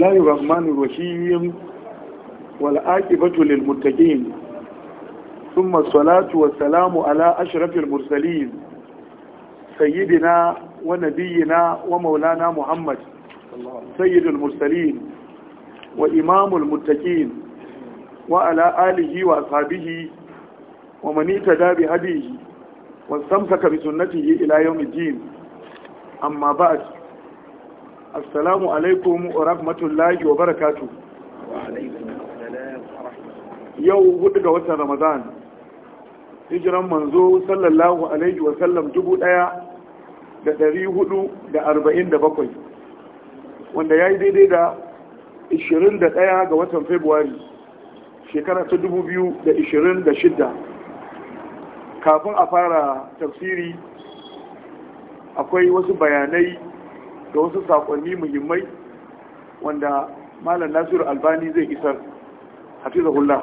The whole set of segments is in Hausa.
billahi rahmanir rahim wal aqibatu lil muttaqin thumma salatu wa salam ala ashrafil mursalin sayyidina wa nabiyyina wa maulana muhammad sayyidul mursalin wa imamul muttaqin wa ala alihi wa ashabihi wa man ittaba bi hadihi wa samsaka bi sunnatihi ila yawmiddin amma ba'd assalamu alaikum wa rahmatullahi wa barakatu yau hudu ga watan ramadan hijiran manzo sallallahu alaihi wa sallam dubu daya da dari hudu da arba'in da bakwai wanda ya yi daidai da ishirin da daya ga watan februari shekara ta dubu biyu da ishirin da shidda kafin a fara tafsiri akwai wasu bayanai da wasu saƙonni muhimmai wanda malam nasiru albani zai isar hafizahullah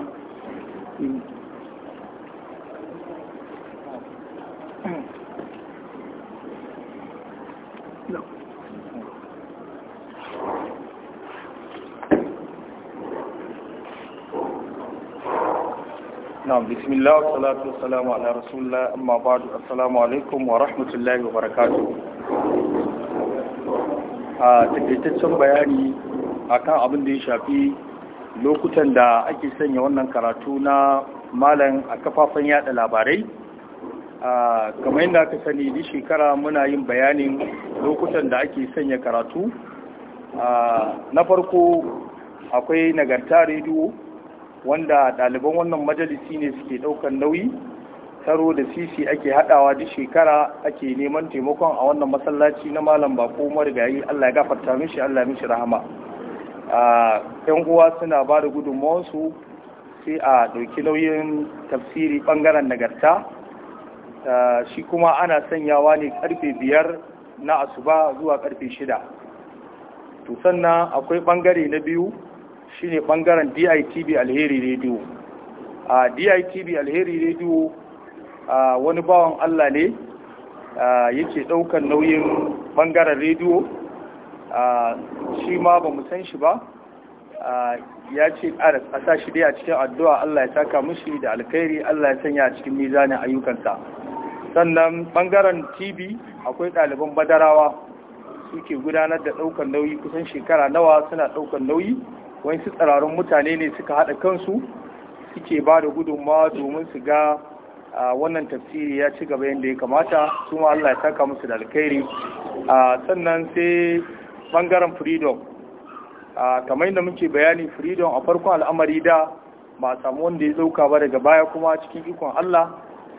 نعم بسم الله والصلاة والسلام على رسول الله أما بعد السلام عليكم ورحمة الله وبركاته a takaitaccen bayani akan abin da ya shafi lokutan da ake sanya wannan karatu na malam a kafafen yada labarai kamar yadda aka sani di shekara muna yin bayanin lokutan da ake sanya karatu na farko akwai nagarta rediyo wanda ɗaliban wannan majalisi ne suke ɗaukar nauyi tsaro da sisi ake hadawa duk shekara ake neman taimakon a wannan masallaci na malam bako marigayi Allah ya gafarta mishi Allah ya mishi rahama yan uwa suna ba da gudunmawarsu sai a ɗauki nauyin tafsiri ɓangaren nagarta shi kuma ana sanyawa ne karfe biyar na asuba zuwa karfe shida to sannan akwai ɓangare na biyu shine ɓangaren ditv alheri radio a ditv alheri radio wani bawan Allah ne yake ɗaukan nauyin bangaren rediyo shi ma ba mu san shi ba ya ce a sa shi dai a cikin addu'a Allah ya saka mushi da alkhairi Allah ya sanya a cikin mizanin ayyukansa sannan bangaren tv akwai ɗaliban badarawa suke gudanar da ɗaukar nauyi kusan shekara nawa suna ɗaukar nauyi wani su tsararrun mutane ne suka haɗa kansu suke ba da gudunmawa domin su ga wannan tafsiri ya ci gaba yadda ya kamata kuma Allah ya saka musu da alkhairi sannan sai bangaren freedom kamar yadda muke bayani freedom a farkon al'amari da ba samu wanda ya dauka ba daga baya kuma cikin ikon Allah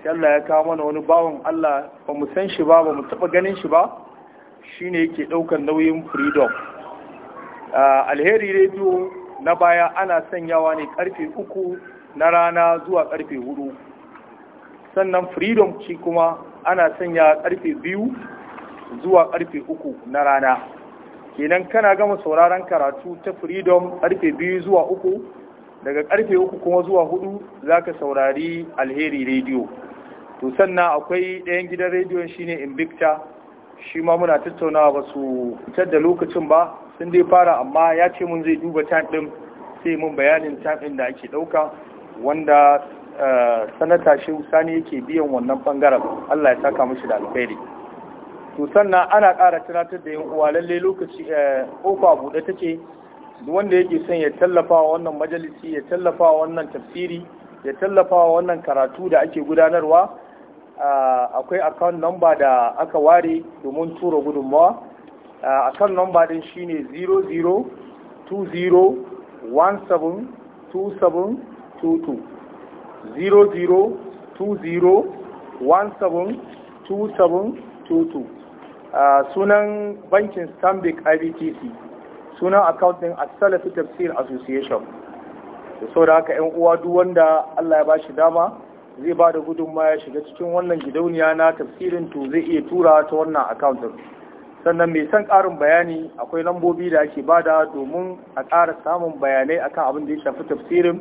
sai Allah ya kawo mana wani bawan Allah ba mu san shi ba ba mu taba ganin shi ba shine yake daukar nauyin freedom alheri radio na baya ana sanyawa ne karfe uku na rana zuwa karfe hudu sannan freedom ci kuma ana sanya karfe biyu zuwa karfe uku na rana kenan kana gama sauraron karatu ta freedom karfe biyu zuwa uku daga karfe uku kuma zuwa hudu za ka saurari alheri radio to sannan akwai ɗayan gidan rediyon shine invicta shi ma muna tattaunawa ba su fitar da lokacin ba sun dai fara amma ya ce mun zai duba time ɗin sai mun bayanin time ɗin da ake ɗauka wanda Eh, sanata shi sani yake biyan wannan bangaren Allah ya saka mushi da alkhairi to sannan ana ƙara tunatar da yan uwa lalle lokaci kofa eh, buɗe take wanda yake son ya tallafa wa wannan majalisi ya tallafa wa wannan tafsiri ya tallafa wa wannan karatu da ake gudanarwa eh, akwai account number da aka ware domin tura gudunmawa account number din shine 0020172722 0020172722 uh, sunan bankin stanbic ibtc sunan accounting at salafi tafsir association da sau da haka 'yan uwa duk wanda allah ya ba shi dama zai ba da gudunma ya shiga cikin wannan gidauniya na tafsirin to zai iya tura ta wannan accounting sannan mai son ƙarin bayani akwai lambobi da ake bada domin a ƙara samun bayanai akan abin da ya shafi tafsirin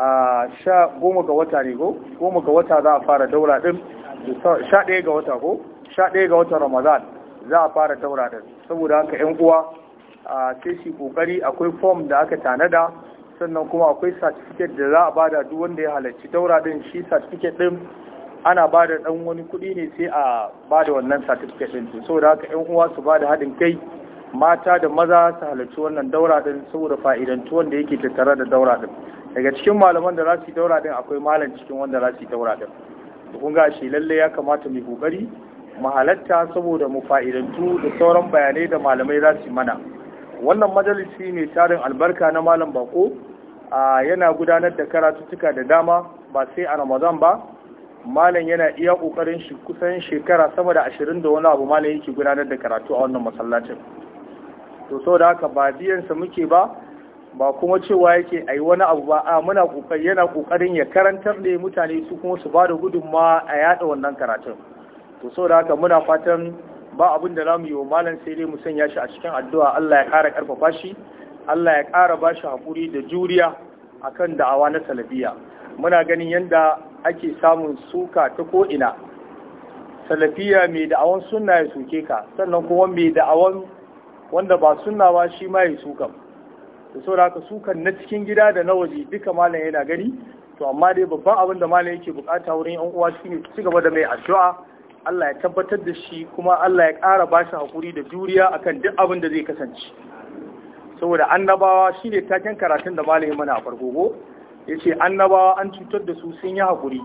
a sha goma ga wata ne ko goma ga wata za a fara daura din sha ɗaya ga wata ko sha ɗaya ga watan ramadan za a fara daura din saboda haka yan uwa a sai shi kokari akwai form da aka tanada sannan kuma akwai certificate da za a bada duk wanda ya halarci daura din shi certificate din ana bada dan wani kuɗi ne sai a bada wannan certificate din saboda haka yan uwa su bada haɗin kai mata da maza su halarci wannan daura din saboda fa'idantu wanda yake tattare da daura din daga cikin malaman da za su yi daura din akwai malam cikin wanda za su yi daura din kun ga shi lalle ya kamata mu kokari mu halatta saboda mu fa'idantu da sauran bayanai da malamai za su mana wannan majalisi mai tarin albarka na malam bako yana gudanar da karatuttuka da dama ba sai a ramadan ba malam yana iya kokarin shi kusan shekara sama da ashirin da wani abu malam yake gudanar da karatu a wannan masallacin to da haka ba biyansa muke ba ba kuma cewa yake a yi wani abu ba a muna kokari yana kokarin ya karantar ne mutane su kuma su ba da gudunma a yada wannan karatun to da haka muna fatan ba abin da zamu yi wa malam sai dai mu sanya shi a cikin addu'a Allah ya ƙara karfafa shi Allah ya ƙara ba shi hakuri da juriya akan da'awa na salafiya muna ganin yadda ake samun suka ta ko'ina salafiya mai da'awan sunna ya suke ka sannan kuma mai da'awan wanda ba suna ba shi ma ya sukan da saboda haka sukan na cikin gida da na waje duka malam yana gani to amma dai babban abin da malam yake bukata wurin yan uwa shine ci gaba da mai addu'a Allah ya tabbatar da shi kuma Allah ya ƙara ba shi hakuri da juriya akan duk abin da zai kasance saboda annabawa shine taken karatun da malam mana a farko go yace annabawa an cutar da su sun yi hakuri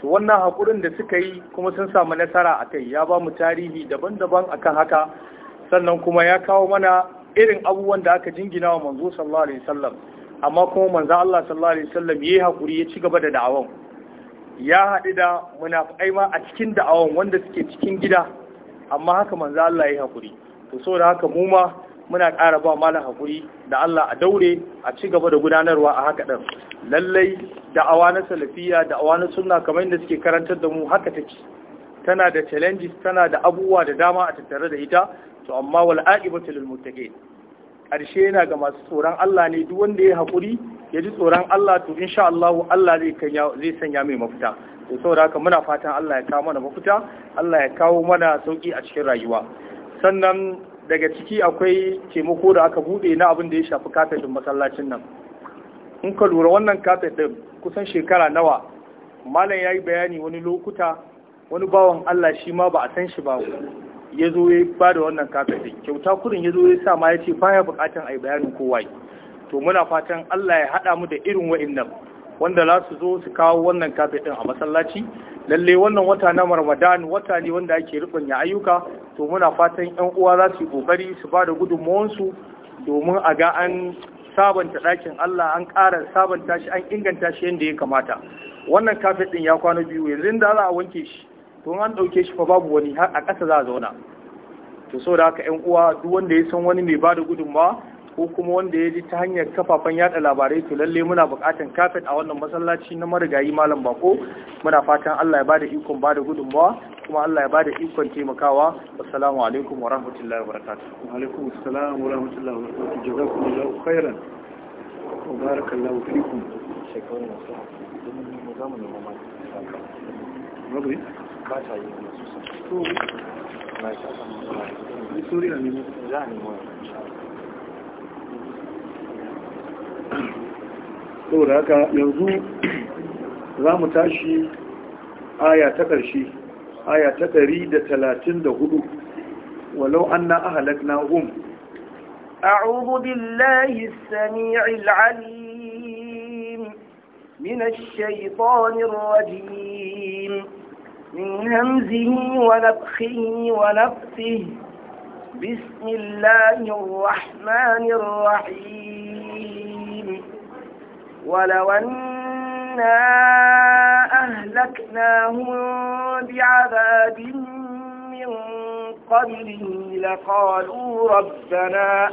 to wannan hakurin da suka yi kuma sun samu nasara akai ya ba mu tarihi daban-daban akan haka sannan kuma ya kawo mana irin abubuwan da aka jingina wa manzo sallallahu alaihi wasallam amma kuma manzo Allah sallallahu alaihi wasallam yayi hakuri ya ci gaba da da'awan ya haɗu da munafikai ma a cikin da'awan wanda suke cikin gida amma haka manzo Allah yayi hakuri to saboda haka mu ma muna ƙara ba malam hakuri da Allah a daure a ci gaba da gudanarwa a haka din lallai da'awa na salafiya da'awa na sunna kamar yadda suke karantar da mu haka take tana da challenges tana da abubuwa da dama a tattare da ita to amma wal aqibatu lil muttaqin karshe yana ga masu tsoron Allah ne duk wanda ya hakuri ya ji tsoron Allah to insha Allah Allah zai zai sanya mai mafita to saboda haka muna fatan Allah ya kawo mana mafita Allah ya kawo mana sauki a cikin rayuwa sannan daga ciki akwai taimako da aka bude na abin da ya shafi kafetin masallacin nan in ka lura wannan kafet din kusan shekara nawa malam ya yi bayani wani lokuta wani bawan Allah shi ma ba a san shi ba ya zo ya ba da wannan kafin kyauta kudin ya zo ya sa ma ya ce baya bukatan a yi bayanin kowa to muna fatan Allah ya haɗa mu da irin nan wanda za su zo su kawo wannan kafin a masallaci lalle wannan wata na ramadan wata ne wanda ake rubanya ayyuka to muna fatan yan uwa za su yi kokari su ba da su domin a ga an sabanta ɗakin Allah an ƙara sabanta shi an inganta shi yadda ya kamata wannan kafin ɗin ya kwana biyu yanzu da za a wanke shi to an ɗauke shi fa babu wani har a ƙasa za a zauna to so da haka ƴan uwa duk wanda ya san wani mai ba da gudunmawa ko kuma wanda ya ji ta hanyar kafafen yada labarai to lalle muna buƙatar kafet a wannan masallaci na marigayi malam bako muna fatan Allah ya bada ikon bada gudunmawa kuma Allah ya bada ikon taimakawa assalamu alaikum wa rahmatullahi wa barakatuh wa alaikum assalam wa rahmatullahi wa barakatuh jazakumullahu khairan wa barakallahu fikum shekaru masu zamanin mamaki ba ta yi saboda haka yanzu za mu tashi aya ta ƙarshe aya ta ɗari da talatin da hudu walau an na ahalar na hum أعوذ بالله السميع العليم من الشيطان الرجيم من همزه ونفخه ونفثه بسم الله الرحمن الرحيم ولو أنا أهلكناهم بعذاب من قبله لقالوا ربنا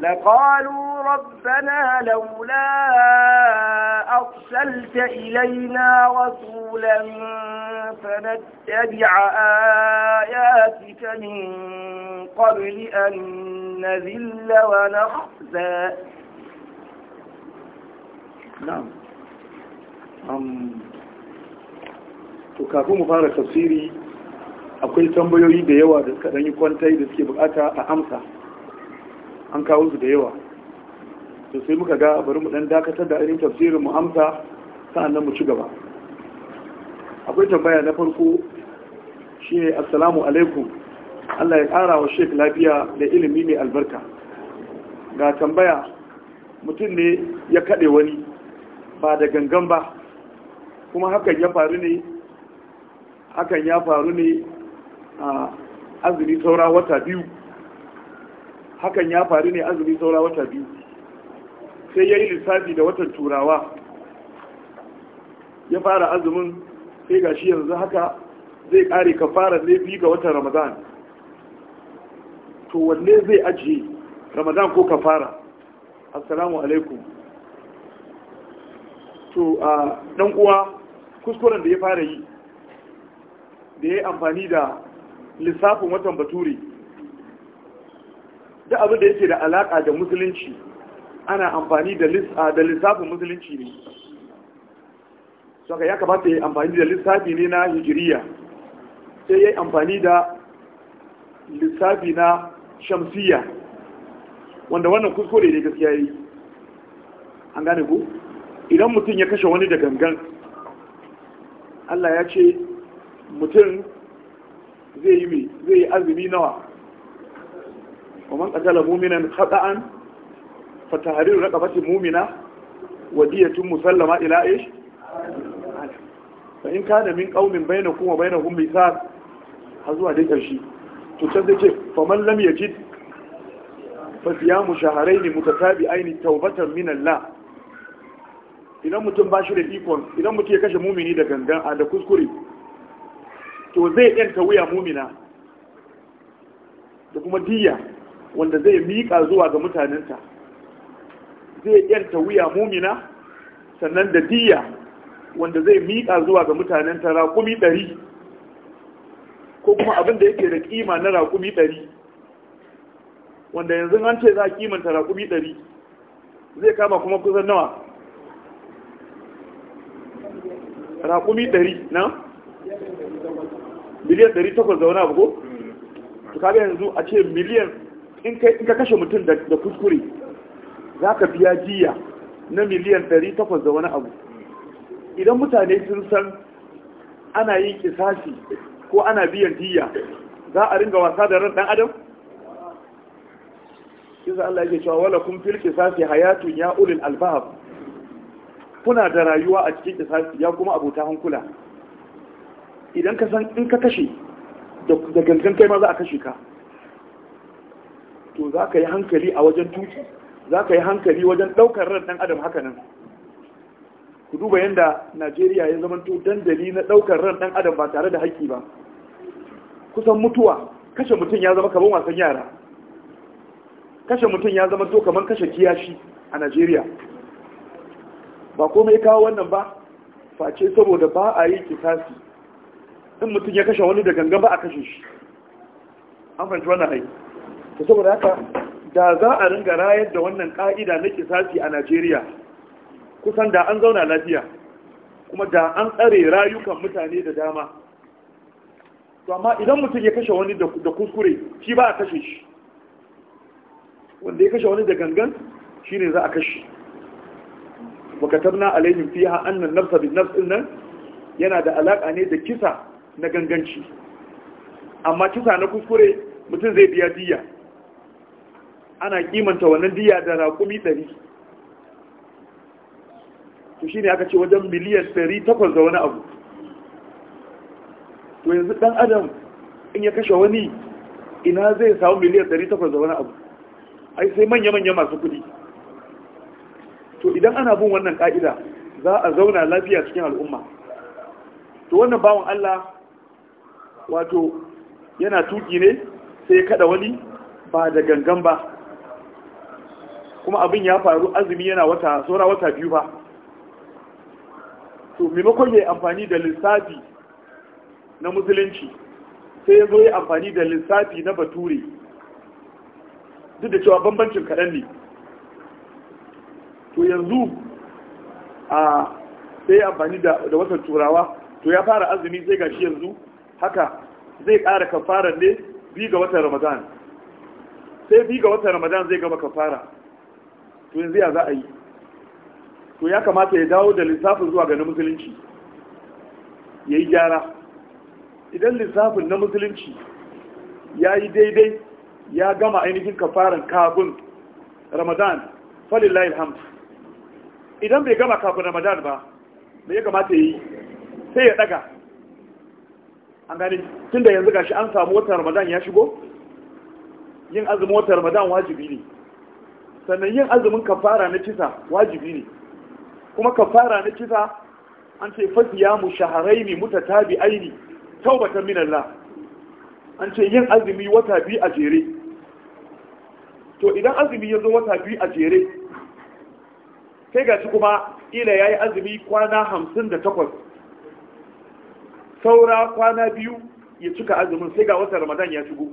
لقالوا ربنا لولا أرسلت إلينا رسولا فنتبع آياتك من قبل أن نذل ونخزى نعم to kafin mu fara tafsiri akwai tambayoyi da yawa da suka ɗanyi kwantai da suke bukata a amsa an kawo su da yawa to sai muka ga bari mu dan dakatar da irin tafsirin mu amsa sa'annan mu ci gaba akwai tambaya na farko shi ne assalamu alaikum Allah ya ƙara wa shek lafiya da ilimi mai albarka ga tambaya mutum ne ya kaɗe wani ba da gangan ba kuma hakan ya faru ne hakan ya faru ne a azumi saura wata biyu hakan ya faru ne azumi saura wata biyu sai ya yi lissafi da watan turawa ya fara azumin sai ga shi yanzu haka zai kare ka fara laifi ga watan ramadan to wanne zai ajiye ramadan ko ka fara assalamu alaikum to a dan uwa kuskuren da ya fara yi da ya yi amfani da lissafin watan bature da abin da yake da alaƙa da musulunci ana amfani da lissafin musulunci ne saka ya kamata ya yi amfani da lissafi ne na hijiriya sai ya yi amfani da lissafi na shamsiya wanda wannan kuskure ne gaskiya yi an gane ku idan mutum ya kashe wani da gangan Allah ya ce mutum zai yi azumi nawa ومن قتل مؤمنا خطأ فتحرير رقبة مؤمنة ودية مسلمة إلى إيش فإن كان من قوم بينكم وبينهم ميثاق هذا دي كرشي to can zai ce faman lam yajid fa siyamu shahrayn idan mutum ba shi da ikon idan mutum ya kashe mumini da gangan a da kuskure to zai yanta wuya mumina da kuma diya wanda zai miƙa zuwa ga mutanenta zai yanta wuya mumina sannan da diya wanda zai miƙa zuwa ga mutanenta raƙumi ɗari ko kuma abin da yake da ƙima na raƙumi ɗari wanda yanzu an ce za a ƙimanta raƙumi ɗari zai kama kuma kusan nawa raƙumi ɗari na? miliyan ɗari takwas da wani abu ko? to kaga yanzu a ce miliyan in ka kashe mutum da kuskure za ka biya jiya na miliyan 800 da wani abu idan mutane sun san ana yin kisashi ko ana biyan jiya za a ringa wasa da ran dan adam kisa Allah yake cewa wala kun fil kisashi hayatun ya ulil albab kuna da rayuwa a cikin kisashi ya kuma abota hankula idan ka san in ka kashe da gangan kai ma za a kashe ka to za ka yi hankali a wajen tuki za ka yi hankali wajen ɗaukar ran ɗan adam hakanan ku duba yadda najeriya ya zama to dandali na ɗaukar ran ɗan adam ba tare da haƙƙi ba kusan mutuwa kashe mutum ya zama kamar wasan yara kashe mutum ya zama to kamar kashe kiyashi a najeriya ba komai kawo wannan ba face saboda ba a yi kisasi in mutum ya kashe wani da gangan ba a kashe shi an fahimci wannan aiki to saboda haka da za a ringa rayar da wannan ka'ida na kisasi a Najeriya kusan da an zauna lafiya kuma da an tsare rayukan mutane da dama to amma idan mutum ya kashe wani da kuskure shi ba a kashe shi wanda ya kashe wani da gangan shi ne za a kashe wakatarna alaihim fiha annan nafsa bin nafsin nan yana da alaka ne da kisa na ganganci amma kisa na kuskure mutum zai biya diya ana kimanta wannan diya da raƙumi ɗari to shi ne aka ce wajen miliyan ɗari takwas da wani abu to yanzu ɗan adam in ya kashe wani ina zai samu miliyan ɗari takwas da wani abu ai sai manya-manya masu kuɗi to idan ana bin wannan ƙa'ida za a zauna lafiya cikin al'umma to wannan bawan Allah wato yana tuki ne sai ya kada wani ba da gangan ba kuma abin ya faru azumi yana wata saura wata biyu ba to maimakon ya yi amfani da lissafi na musulunci sai ya zo ya amfani da lissafi na bature duk da cewa bambancin kaɗan ne to yanzu a sai ya amfani da wata turawa to ya fara azumi sai ga shi yanzu haka zai ƙara kafarar ne bi ga watan ramadan sai bi ga watan ramadan zai gama kafara to yanzu ya za a yi to ya kamata ya dawo da lissafin zuwa ga na musulunci ya yi gyara idan lissafin na musulunci ya yi daidai ya gama ainihin kafaran kafin ramadan falillahi alhamd idan bai gama kafin ramadan ba da ya kamata ya yi sai ya daga an gani tun da yanzu gashi an samu watan ramadan ya shigo yin azumin watan ramadan wajibi ne sannan yin azumin kafara na kisa wajibi ne kuma kafara na kisa an ce fasiya mu shaharai shaharaini mutatabi aini taubatan min Allah an ce yin azumi wata biyu a jere to idan azumi ya zo wata biyu a jere sai gashi kuma ila ya yi azumi kwana hamsin da takwas saura kwana biyu ya cika azumin sai ga wata ramadan ya shigo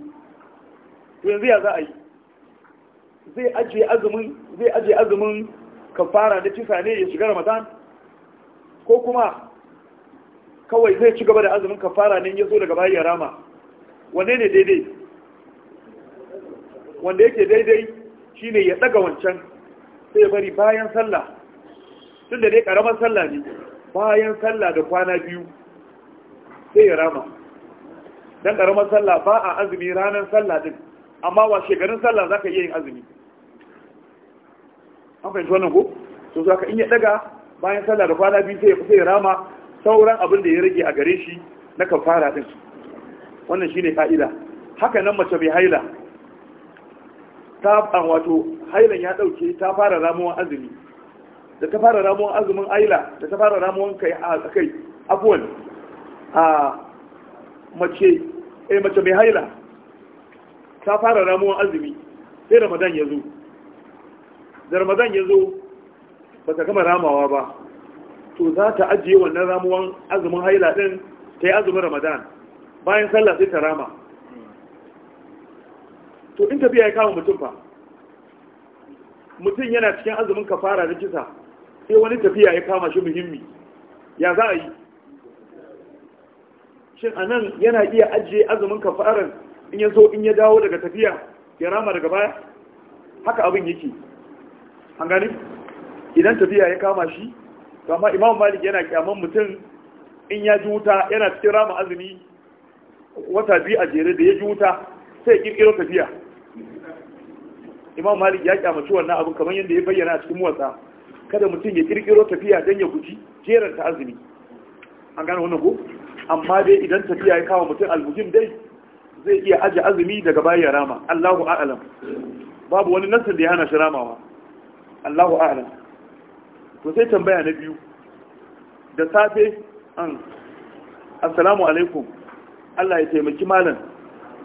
to yanzu ya za a yi zai ajiye azumin zai ajiye azumin kafara da kisa ne ya shiga ramadan ko kuma kawai zai ci gaba da azumin kafara ne ya zo daga bayan rama wanne ne daidai wanda yake daidai shine ya daga wancan sai ya bari bayan sallah tun da dai karamar sallah ne bayan sallah da kwana biyu sai ya rama dan karamar sallah ba a azumi ranar sallah din amma wa shekarun sallah za ka iya yin azumi an fahimci wannan ko so zaka in ya daga bayan sallah da kwana biyu sai sai rama sauran abin da ya rage a gare shi na kafara din wannan shine fa'ida. haka nan mace bai haila ta wato hailan ya dauke ta fara ramuwan azumi da ta fara ramuwan azumin aila da ta fara ramuwan kai a kai afwan a mace eh mace mai haila ta fara ramuwan azumi sai ramadan ya zo da ramadan ya zo ba ta gama ramawa ba to za ta ajiye wannan ramuwan azumin haila din ta yi azumin ramadan bayan sallah sai ta rama to in tafiya ya kama mutum fa mutum yana cikin azumin kafara na kisa sai wani tafiya ya kama shi muhimmi ya za a yi shin a nan yana iya ajiye azumin kafaran in ya zo in ya dawo daga tafiya ya rama daga baya haka abin yake an gani idan tafiya ya kama shi to amma imam malik yana kyaman mutum in ya ji wuta yana cikin rama azumi wata biyu a jere da ya ji wuta sai ya kirkiro tafiya imam malik ya kyamaci wannan abin kamar yadda ya bayyana a cikin wasa kada mutum ya kirkiro tafiya don ya guji ta azumi an gane wannan ko amma dai idan tafiya ya kama mutum almuhim dai zai iya aje azumi daga bayan rama Allahu a'lam babu wani nassin da ya hana shi ramawa Allahu a'lam to sai tambaya na biyu da safe an assalamu alaikum Allah ya taimaki malam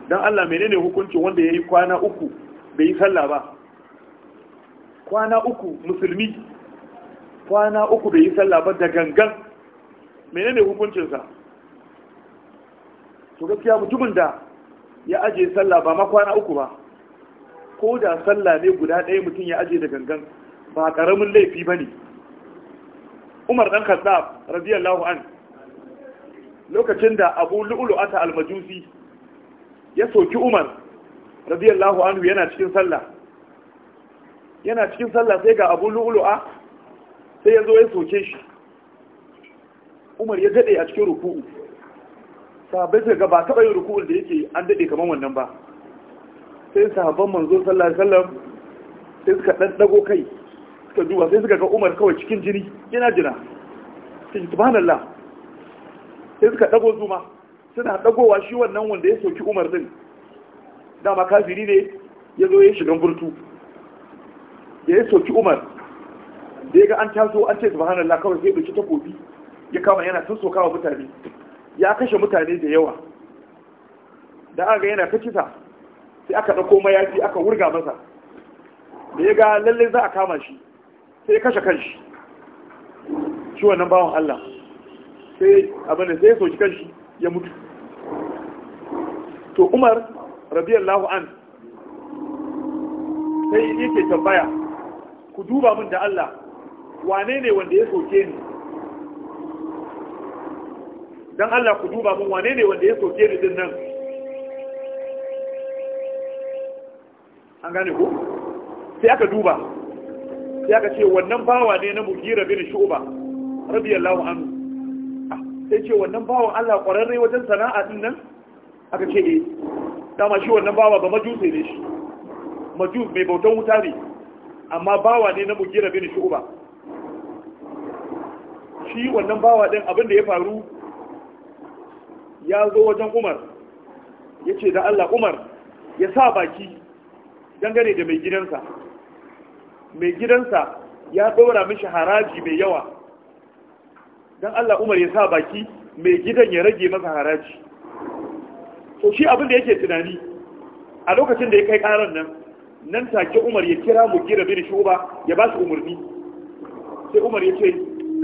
dan Allah menene hukuncin wanda yayi kwana uku bai yi sallah ba kwana uku musulmi kwana uku bai yi sallah ba da gangan menene hukuncinsa to gaskiya mutumin da ya aje sallah ba ma kwana uku ba ko da sallah ne guda ɗaya mutum ya aje da gangan ba ƙaramin laifi ba ne umar ɗan khattab radiyallahu an lokacin da abu ata almajusi ya soki umar radiyallahu anhu yana cikin sallah yana cikin sallah sai ga abu a sai ya zo ya soke shi umar ya daɗe a cikin ruku'u sahabai sai ga ba taɓa yin ruku'un da yake an daɗe kamar wannan ba sai sahabban manzo sallar sallar sai suka ɗan ɗago kai suka duba sai suka ga umar kawai cikin jini yana jina sai subhanallah sai suka dago zuma suna dagowa shi wannan wanda ya soki umar din dama kafiri ne ya zo ya shigan burtu da ya soki umar da ya ga an taso an ce subhanallah kawai sai ta takobi ya kama yana tun sokawa mutane ya kashe mutane da yawa da aka ga yana ta kisa sai aka dauko mayafi aka wurga masa da ya ga lallai za a kama shi sai kashe kanshi shi wannan bawan Allah sai abin da sai soki kanshi ya mutu to Umar radiyallahu an sai yake tambaya ku duba min da Allah wane ne wanda ya soke ni Don Allah ku duba min wane ne wanda ya soke ni din nan an gane ku? sai aka duba sai aka ce wannan bawa ne na mugira bin shu'ba radiyallahu anhu sai ce wannan bawa Allah kwararre wajen sana'a din nan aka ce eh dama shi wannan bawa ba majusi ne shi majus mai bautan wuta ne amma bawa ne na mugira bin shu'ba shi wannan bawa din abin da ya faru ya zo wajen Umar ya ce da Allah Umar ya sa baki dangane da mai gidansa mai gidansa ya ɗora mishi haraji mai yawa don Allah Umar ya sa baki mai gidan ya rage masa haraji so shi abin da yake tunani a lokacin da ya kai ƙarar nan nan take Umar ya kira mu gira bin shuba ya ba shi umarni sai Umar ya ce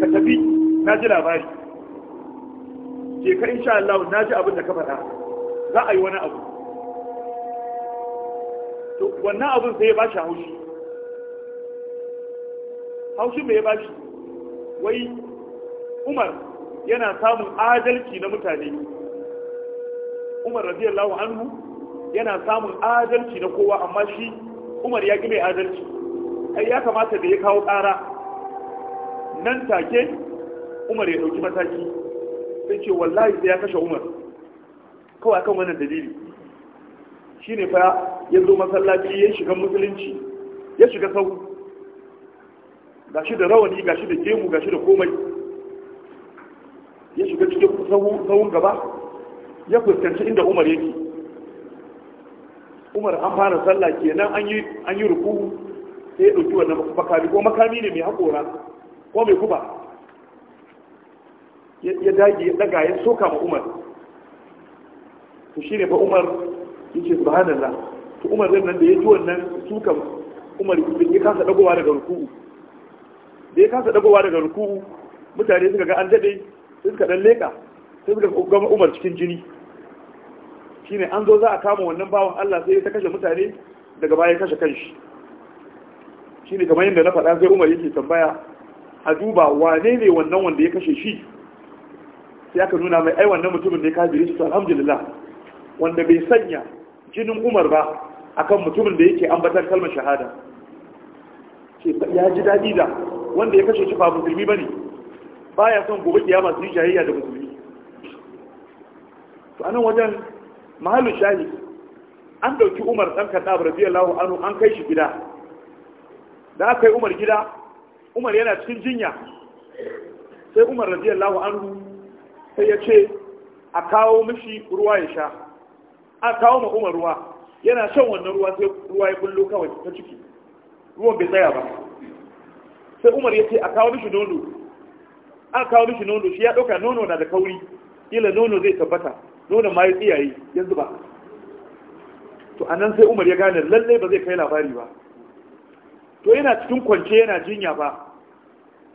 ka tafi na ji labari ce ka insha Allah na ji abin da ka faɗa za a yi wani abu to wannan abin sai ya ba shi haushi haushin mai ya bashi wai umar yana samun adalci na mutane umar radiyallahu anhu yana samun adalci na kowa amma shi umar ya mai adalci ai ya kamata da ya kawo ƙara nan take umar ya ɗauki mataki sai ce wallahi sai ya kashe umar kawai kan wannan dalili shi ne fa ya zo masallaci ya shiga musulunci ya shiga sau gashi da rawani gashi da ga gashi da komai ya shiga cikin tsawon gaba ya fuskanci inda umar yake umar an fara sallah kenan an yi an yi ruku sai ya ɗauki wannan makami ko makami ne mai haƙora ko mai kuba ya dage ya ɗaga ya soka ma umar to ne fa umar ya ce subhanallah to umar nan da ya ji wannan sukan umar ya kasa ɗagowa daga ruku'u da ya kasa dagowa daga ruku'u mutane suka ga an daɗe sai suka dan leƙa sai suka ga Umar cikin jini shine an zo za a kama wannan bawan Allah sai ta kashe mutane daga baya kashe kanshi ne kamar yadda na faɗa sai Umar yake tambaya a duba wane ne wannan wanda ya kashe shi sai aka nuna mai ai wannan mutumin da ya kafire alhamdulillah wanda bai sanya jinin Umar ba akan mutumin da yake ambatar kalmar shahada ya ji daɗi da wanda ya kashe shi ba musulmi ba ya son gobe kiyama masu yi jayayya da musulmi to anan wajen mahallin shahi an dauki Umar dan Khattab radiyallahu anu an kai shi gida da aka yi Umar gida Umar yana cikin jinya sai Umar radiyallahu anu sai ya ce a kawo mishi ruwa ya sha a kawo ma Umar ruwa yana shan wannan ruwa sai ruwa ya bullo kawai ta ciki ruwan bai tsaya ba sai umar ya ce a kawo mishi nono an kawo mishi nono shi ya ɗauka nono na da kauri ila nono zai tabbata nono ma ya tsiyaye yanzu ba to a nan sai umar ya gane lalle ba zai kai labari ba to yana cikin kwance yana jinya ba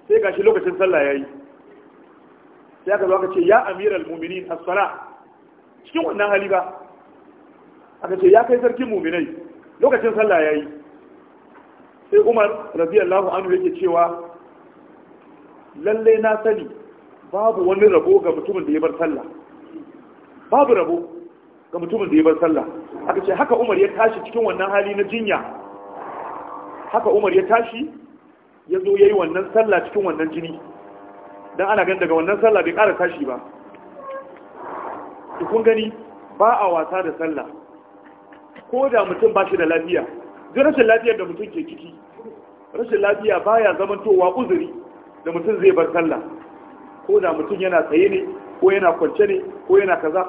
sai gashi lokacin sallah ya yi sai aka zo aka ce ya amir al-muminin as cikin wannan hali ba aka ce ya kai sarkin muminai lokacin sallah ya yi sai umar radiyallahu anhu yake cewa lallai na sani babu wani rabo ga mutumin da ya bar sallah babu rabo ga mutumin da ya bar sallah aka ce haka umar ya tashi cikin wannan hali na jinya haka umar ya tashi ya zo ya yi wannan sallah cikin wannan jini don ana gan daga wannan sallah bai ƙara tashi ba kun gani ba a wasa da sallah ko da mutum ba shi da lafiya duk rashin lafiyar da mutum ke ciki rashin lafiya baya zamantowa uzuri da mutum zai bar sallah ko da mutum yana tsaye ne ko yana kwance ne ko yana kaza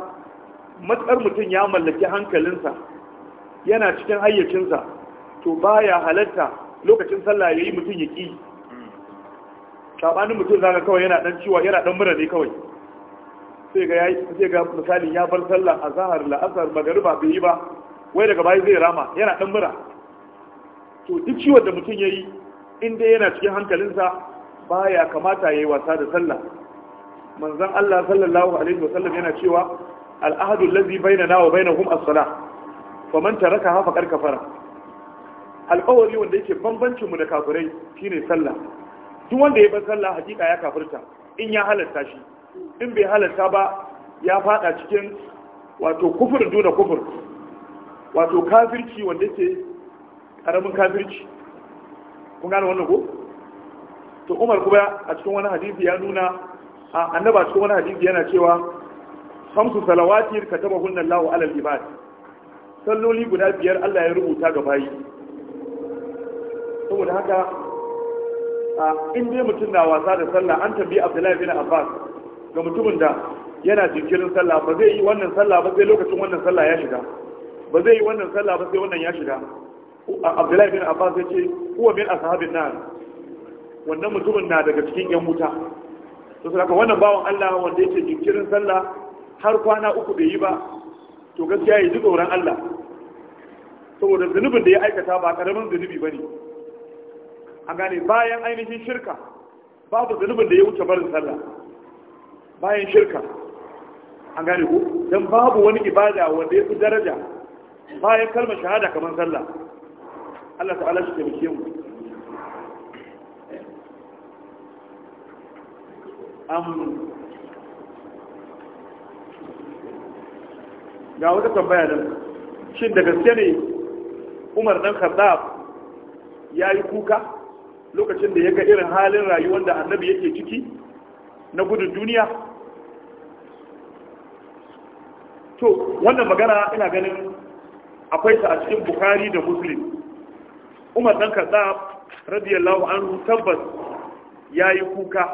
matsar mutum ya mallaki hankalinsa yana cikin hayyacinsa to baya halatta lokacin sallah yayi mutum ya ki sabanin mutum zaka kawai yana dan ciwa yana dan mura ne kawai sai ga yayi sai ga misalin ya bar sallah azhar la'asar magriba bai yi ba wai daga baya zai rama yana dan mura to duk ciwon da mutum ya yi inda yana cikin hankalinsa ba ya kamata ya yi wasa da sallah manzan Allah sallallahu alaihi wasallam yana cewa al'adun lazi baina na wa baina hum as-sala fa man taraka hafa qad kafara alƙawari wanda yake bambancin mu da kafirai shine sallah duk wanda ya bar sallah hakika ya kafirta in ya halatta shi in bai halatta ba ya fada cikin wato kufur duna kufur wato kafirci wanda yake karamin kafirci kun gane wannan ko to umar kuma a cikin wani hadisi ya nuna a annaba cikin wani hadisi yana cewa hamsu salawati kataba hunna Allahu alal ibad salloli guda biyar Allah ya rubuta ga bayi saboda haka a in dai mutum na wasa da sallah an tambayi Abdullahi bin Abbas ga mutumin da yana jinkirin sallah ba zai yi wannan sallah ba sai lokacin wannan sallah ya shiga ba zai yi wannan sallah ba sai wannan ya shiga abdullahi bin abbas ya ce kuwa min ashabin nan, wannan mutumin na daga cikin yan wuta to sai haka wannan bawan Allah wanda yake jinkirin sallah har kwana uku bai yi ba to gaskiya ya ji tsoron Allah saboda zunubin da ya aikata ba karamin zunubi bane an gane bayan ainihin shirka babu zunubin da ya wuce barin sallah bayan shirka an gane ko dan babu wani ibada wanda ya fi daraja bayan kalmar shahada kamar sallah Allah ta'ala shi taimake mu am ga wata tambaya nan shin da gaske ne Umar dan Khattab yayi kuka lokacin da ya ga irin halin rayuwar da annabi yake ciki na gudun duniya to wannan magana ina ganin akwai ta a cikin Bukhari da Muslim umar ɗan kaza radiyallahu anhu tabbas ya yi kuka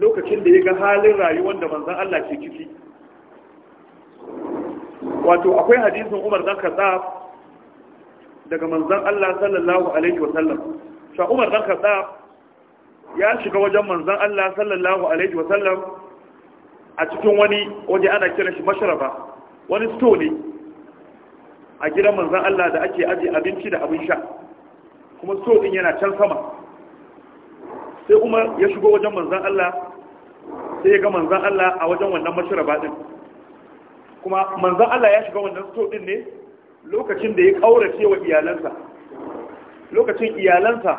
lokacin da ya ga halin rayuwar da manzan Allah ke ciki wato akwai hadisin umar ɗan kaza daga manzan Allah sallallahu alaihi wasallam sha umar ɗan kaza ya shiga wajen manzan Allah sallallahu alaihi wasallam a cikin wani waje ana kira shi masharaba wani sto ne a gidan manzan Allah da ake ajiye abinci da abin sha kuma so din yana can sama sai umar ya shigo wajen manzan Allah sai ya ga manzan Allah a wajen wannan mashiraba din kuma manzan Allah ya shiga wannan so din ne lokacin da ya kaurace wa iyalansa lokacin iyalansa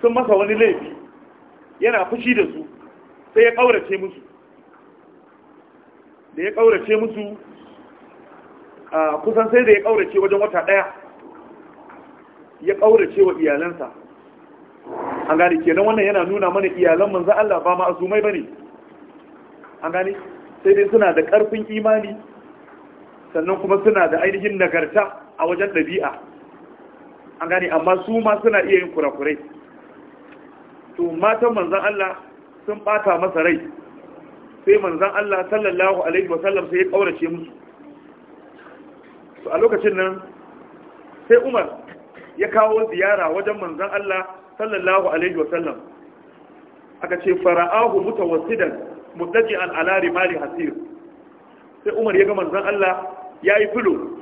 sun masa wani laifi yana fushi da su sai ya kaurace musu da ya kaurace musu kusan sai da ya kaurace wajen wata daya ya ƙaurace wa iyalansa an gane kenan wannan yana nuna mana iyalan manzan Allah ba azumai ba ne an gane sai dai suna da ƙarfin imani sannan kuma suna da ainihin nagarta a wajen ɗabi'a an gane amma su ma suna iya yin kurakurai to matan manzan Allah sun ɓata masa rai sai manzan Allah sallallahu alaihi wasallam sai ya ƙaurace musu a lokacin nan sai umar ya kawo ziyara wajen manzon Allah sallallahu alaihi wa sallam aka ce fara'ahu mutawassidan mutaji ala rimali hasir sai Umar ya ga manzon Allah yayi fulo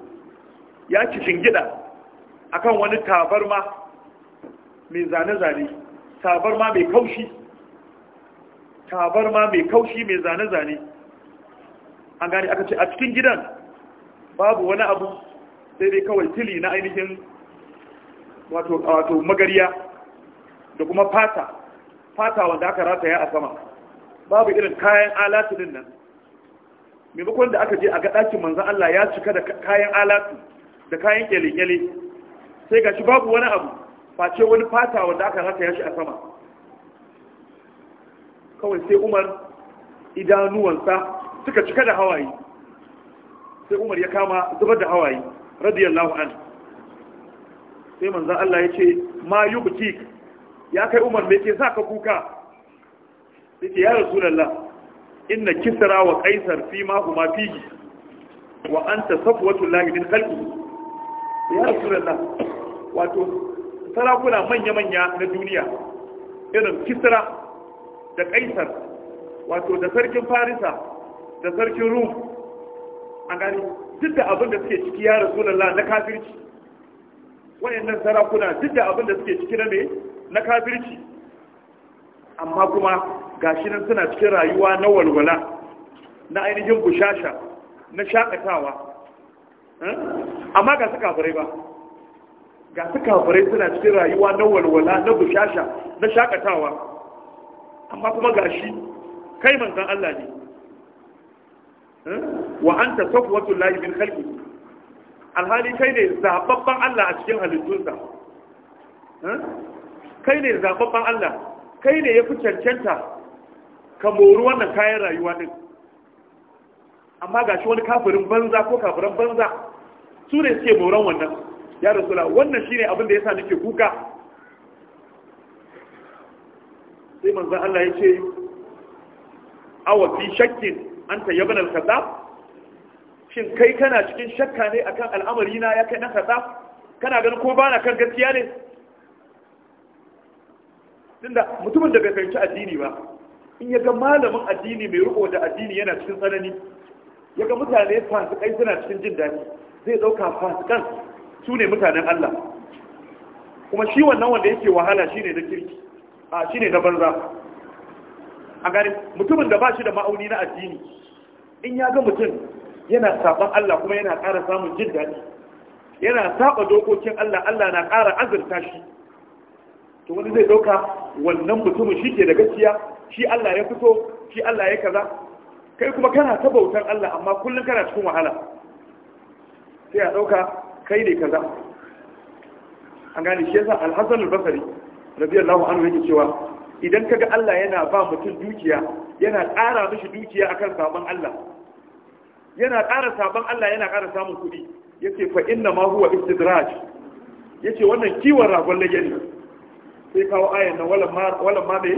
ya ci shingida akan wani tabarma mai zane-zane tabarma mai kaushi tabarma mai kaushi mai zane-zane an gani aka ce a cikin gidan babu wani abu sai dai kawai tili na ainihin wato magariya da kuma fata fata wanda aka rataya a sama babu irin kayan alatu din nan maimakon da aka je a ga ɗakin manzan Allah ya cika da kayan alatu da kayan ƙyale-ƙyale. sai ga shi babu wani abu face wani fata wanda aka rataya shi a sama kawai sai umar idanuwansa suka cika da hawaye sai umar ya kama zubar da hawaye radiyallahu anhu sai manzan Allah ya ce ma yi buki ya kai umar mai ke sa ka kuka sai ce yara rasulallah ina kisra wa kaisar fi ma kuma fi wa an ta safwatun lahimin kalki ya rasulallah wato sarakuna manya-manya na duniya irin kisra da kaisar wato da sarkin farisa da sarkin rum a gani duk da abin da suke ciki ya rasulallah na kafirci wayannan sarakuna duk da abin da suke ciki na me na kafirci amma kuma gashi nan suna cikin rayuwa na walwala na ainihin bushasha na shakatawa eh? amma ga su kafirai ba ga su kafirai suna cikin rayuwa na walwala na bushasha na shakatawa amma kuma gashi kai manzan Allah ne eh? wa anta safwatul lahi min khalqihi alhali kai ne zababban Allah a cikin halittunsa kai ne zababban Allah kai ne ya fi cancanta ka mori wannan kayan rayuwa ne? amma ga shi wani kafirin banza ko kafirin banza su ne suke moran wannan ya rasula wannan shine abin da sa nake kuka sai manzan Allah ya ce awa fi shakkin an yabnal kadab shin kai kana cikin shakka ne akan al'amari na ya kai na kasa kana ganin ko bana kan gaskiya ne tunda mutumin da bai fahimci addini ba in ya ga malamin addini mai riko da addini yana cikin tsanani ya ga mutane fasikai suna cikin jin daɗi zai ɗauka fasikan su ne mutanen Allah kuma shi wannan wanda yake wahala shi ne na kirki a shi ne na banza a gani mutumin da ba shi da ma'auni na addini in ya ga mutum yana saban Allah kuma yana ƙara samun jin daɗi yana saba dokokin Allah Allah na ƙara azurta shi to wani zai ɗauka wannan mutumin shi ke da gaskiya shi Allah ya fito shi Allah ya kaza kai kuma kana ta bautan Allah amma kullum kana cikin wahala sai a ɗauka kai ne kaza an gane shi yasa alhassan albasari radiyallahu anhu yake cewa idan kaga Allah yana ba mutum dukiya yana ƙara mishi dukiya akan sabon Allah yana ƙara sabon Allah yana ƙara samun kuɗi yace fa inna ma huwa istidraj yace wannan kiwon ragon lage ne sai kawo ayan nan wala ma wala ma ne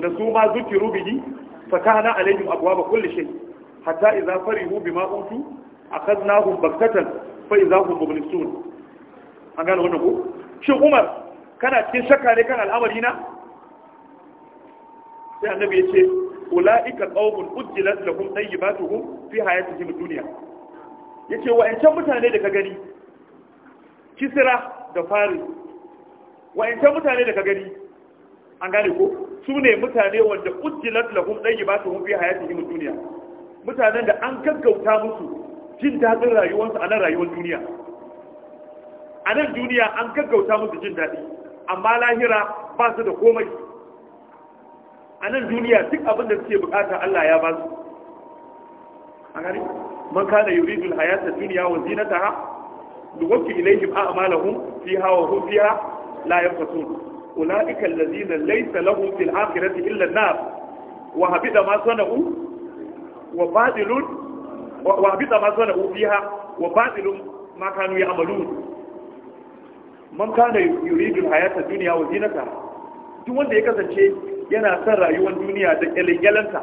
da su ma zukiru bihi fakana alaihim abwaba kulli shay hatta idza farihu bima utu akhadnahum baktatan fa idza hum mublisun an gane wannan ko shin Umar kana cikin shakka ne kan al'amari na sai annabi yace ulaika qaumun ujjilat lahum tayyibatuhum fi duniya. dunya yace wa'ancan mutane da ka gani kisra da faris wa'ancan mutane da ka gani an gane ko su ne mutane wanda ujjilat lahum tayyibatuhum fi hayatihim dunya mutanen da an gaggauta musu jin daɗin rayuwarsu a nan rayuwar duniya a nan duniya an gaggauta musu jin daɗi amma lahira ba su da komai a nan duniya duk abin da suke bukata Allah ya ba su a gani man kana yuridu alhayata duniya wa zinataha nuwaffi ilayhim a'malahum fiha wa hum fiha la yafqatun ulaika allazina laysa lahum fil akhirati illa an-nar wa habita ma sana'u wa batilun wa habita ma sana'u fiha wa batilun ma kanu ya'malun man kana yuridu alhayata dunya wa zinataha duk wanda ya kasance yana son rayuwar duniya da ƙyalƙyalanta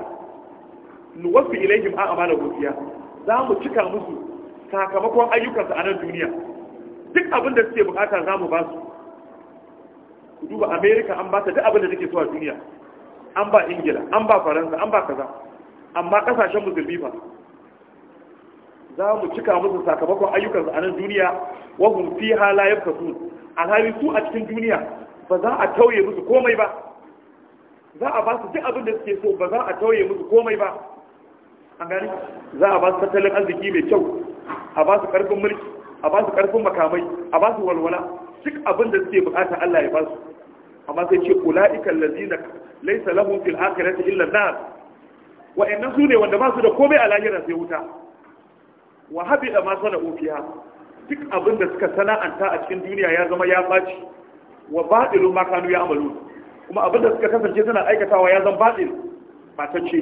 nuwafi ilaihim a amana gofiya za mu cika musu sakamakon ayyukansu a nan duniya duk abin da suke bukata za mu ba su ku duba amerika an ba ta duk abin da take so a duniya an ba ingila an ba faransa an ba kaza amma kasashen musulmi ba za mu cika musu sakamakon ayyukansu a nan duniya wahun fi halayen ya fasu alhali su a cikin duniya ba za a tauye musu komai ba za a ba su duk abin da suke so ba za a tauye musu komai ba an gani za a ba su tattalin arziki mai kyau a ba su karfin mulki a ba su karfin makamai a ba su walwala duk abin da suke bukata Allah ya ba su amma sai ce ulaika allazina laysa lahum fil akhirati illa nar wa'annan su ne wanda ba su da komai a lahira sai wuta wa habida ma sana'u fiha duk abin da suka sana'anta a cikin duniya ya zama ya baci wa ba'ilu ma kanu ya amalu kuma abin da suka kasance suna aikatawa ya zan baɗin matacce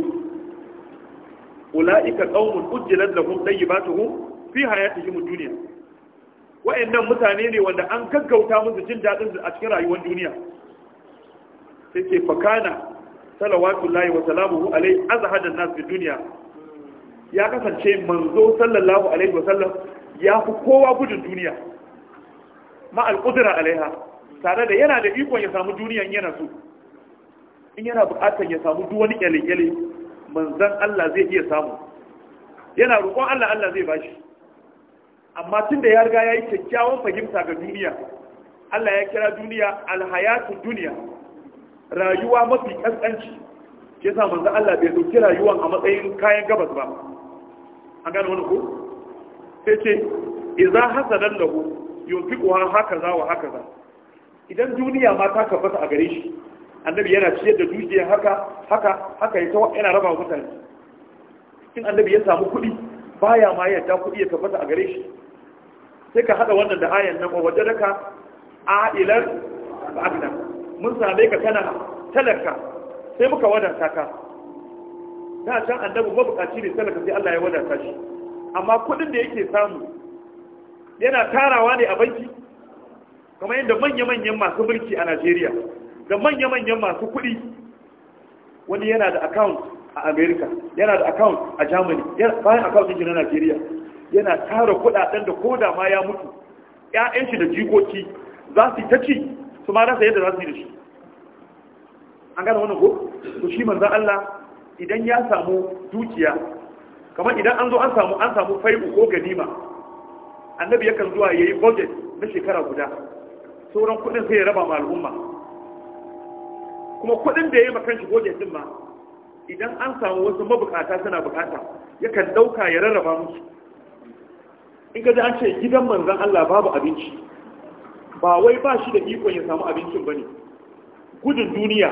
ula'ika qaumun ujjilat lahum tayyibatuhum fi hayatihim ad-dunya wa'annan mutane ne wanda an gaggauta musu jin dadin a cikin rayuwar duniya sai ke fakana salawatullahi wa salamuhu alai azhadan nas fi duniya ya kasance manzo sallallahu alaihi wa sallam ya fi kowa gudun duniya ma al-qudra alaiha tare da yana da ikon ya samu duniyan yana so in yana bukatar ya samu duk wani kyale-kyale manzan Allah zai iya samu yana roƙon Allah Allah zai bashi amma tun da ya riga ya yi kyakkyawan fahimta ga duniya Allah ya kira duniya alhayatun duniya rayuwa mafi ƙasƙanci ke sa manzan Allah bai ɗauki rayuwan a matsayin kayan gabas ba an gane wani ko sai ce iza hasadan lahu yunfiquha hakaza wa hakaza idan duniya ma ta tabbata a gare shi annabi yana ciyar da dukiyar haka haka haka ya tawa yana raba mutane in annabi ya samu kuɗi baya ma yadda kuɗi ya tabbata a gare shi sai ka haɗa wannan da ayan nan waje daga ailar ba'adna mun same ka kana talaka sai muka wadanta ka da can annabi bukaci ne talaka sai Allah ya wadanta shi amma kuɗin da yake samu yana tarawa ne a banki kamar yadda manya-manyan masu mulki a Najeriya da manya-manyan masu kuɗi wani yana da account a America yana da account a Germany bayan account ɗin na Najeriya yana tara kuɗaɗen da koda ma ya mutu ƴaƴan shi da jikoki za su yi ta ci su ma rasa yadda za su yi da shi an gane wannan ko to shi manzo Allah idan ya samu dukiya kamar idan an zo an samu an samu fai'u ko ganima annabi yakan zuwa yayi budget na shekara guda sauran kudin sai ya raba ma al'umma kuma kudin da ya yi makan shi goge din ma idan an samu wasu mabukata suna bukata yakan dauka ya rarraba musu in ka an ce gidan manzon Allah babu abinci ba wai ba shi da ikon ya samu abincin bane gudun duniya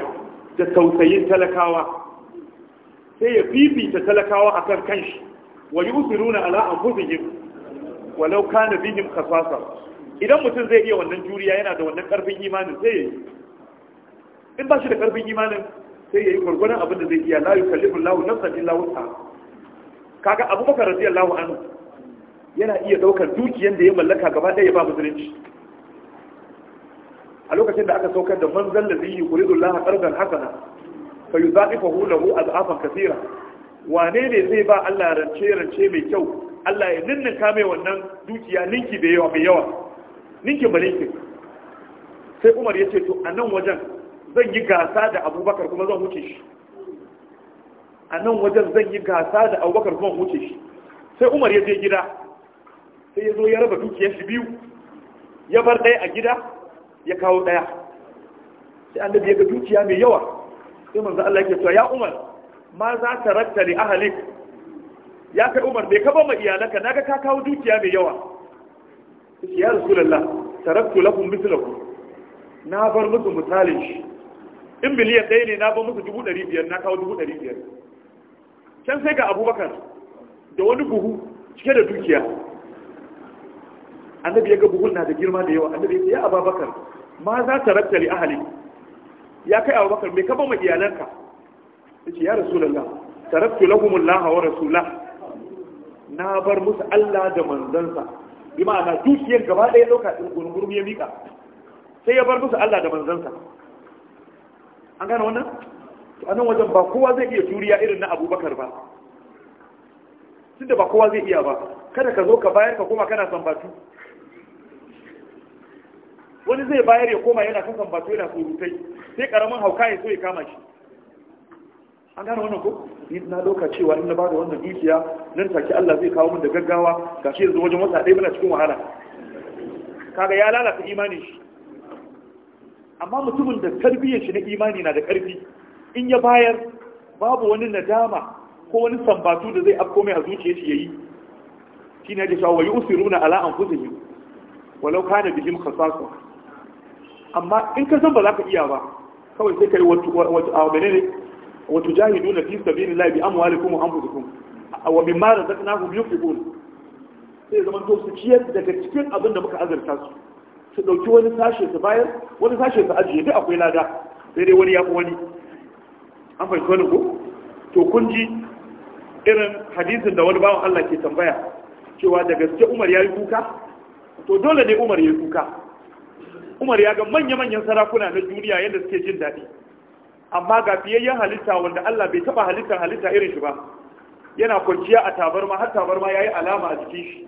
da tausayin talakawa sai ya fifita talakawa akan kanshi wa yusiruna ala anfusihim walau kana bihim khasasa idan mutum zai iya wannan juriya yana da wannan karfin imanin sai ya yi in ba shi da karfin imanin sai ya yi gwargwaron abin da zai iya layu yi kallifin nan sabbin illa ta. kaga abu bakar radiyallahu anu yana iya daukar dukiyan da ya mallaka gaba ɗaya ya ba musulunci a lokacin da aka saukar da manzan da zai yi kuridun laha ƙarfin hasana fa yi zaɓi fa hula hu a za'afan kasira wane ne zai ba allah rance rance mai kyau allah ya ninninka mai wannan dukiya ninki da yawa mai yawa ninkin ba ninkin sai umar ya ce to a nan wajen zan yi gasa da abubakar kuma zan wuce shi a nan wajen zan yi gasa da abubakar kuma wuce shi sai umar ya je gida sai ya zo ya raba dukiyar shi biyu ya bar ɗaya a gida ya kawo ɗaya sai annabi ya ga dukiya mai yawa sai manzo Allah yake cewa ya umar ma za ta rattali ahalik ya kai umar bai kaba ma iyalanka naga ka kawo dukiya mai yawa ya lalla, taraktu lakum mithlahu na bar musu misalin shi in biliyan ɗaya ne na bar musu dubu ɗari biyar na kawo dubu ɗari biyar can sai ga abubakar da wani buhu cike da dukiya annabi ya ga buhun na da girma da yawa annabi ya ababakar ma za ta rabta li ahali ya kai abubakar mai kaba ma iyalanka ya ce ya rasulallah tarabtu lahum allah wa rasula. na bar musu allah da manzansa bi ma'ana dukiyar gaba ɗaya ɗauka ɗungurungurmi ya miƙa sai ya bar musu Allah da manzansa an gane wannan a nan wajen ba kowa zai iya juriya irin na abubakar ba tunda ba kowa zai iya ba kada ka zo ka bayar ka koma kana sambatu wani zai bayar ya koma yana kan sambatu yana surutai sai karamin hauka ya so ya kama shi an gane wannan ko na doka cewa in na bada wannan dukiya nan take Allah zai kawo min da gaggawa shi yanzu wajen wata ɗaya muna cikin wahala kaga ya lalata imanin shi amma mutumin da tarbiyyar shi na imani na da ƙarfi in ya bayar babu wani nadama ko wani sambatu da zai afko mai a zuciyar shi yayi shi ne ya shawo wa yusiruna ala anfusihim walau kana bihim khasasa amma in ka san ba za ka iya ba kawai sai kai wato wato a ne. wa tujahiduna fi sabilillahi bi amwalikum wa anfusikum wa mimma razaqnakum yunfiqun sai zaman to su ciyar daga cikin abin da muka azurta su su dauki wani sashe su bayar wani sashe su ajiye duk akwai lada sai dai wani ya fi wani an fahimci wani ko to kun ji irin hadisin da wani bawan Allah ke tambaya cewa da gaske Umar ya yi kuka to dole ne Umar ya yi kuka Umar ya ga manya-manyan sarakuna na duniya yadda suke jin daɗi amma ga biyayyen halitta wanda Allah bai taba halittar halitta irin shi ba yana kwanciya a tabarma har tabarma yayi alama a jikin shi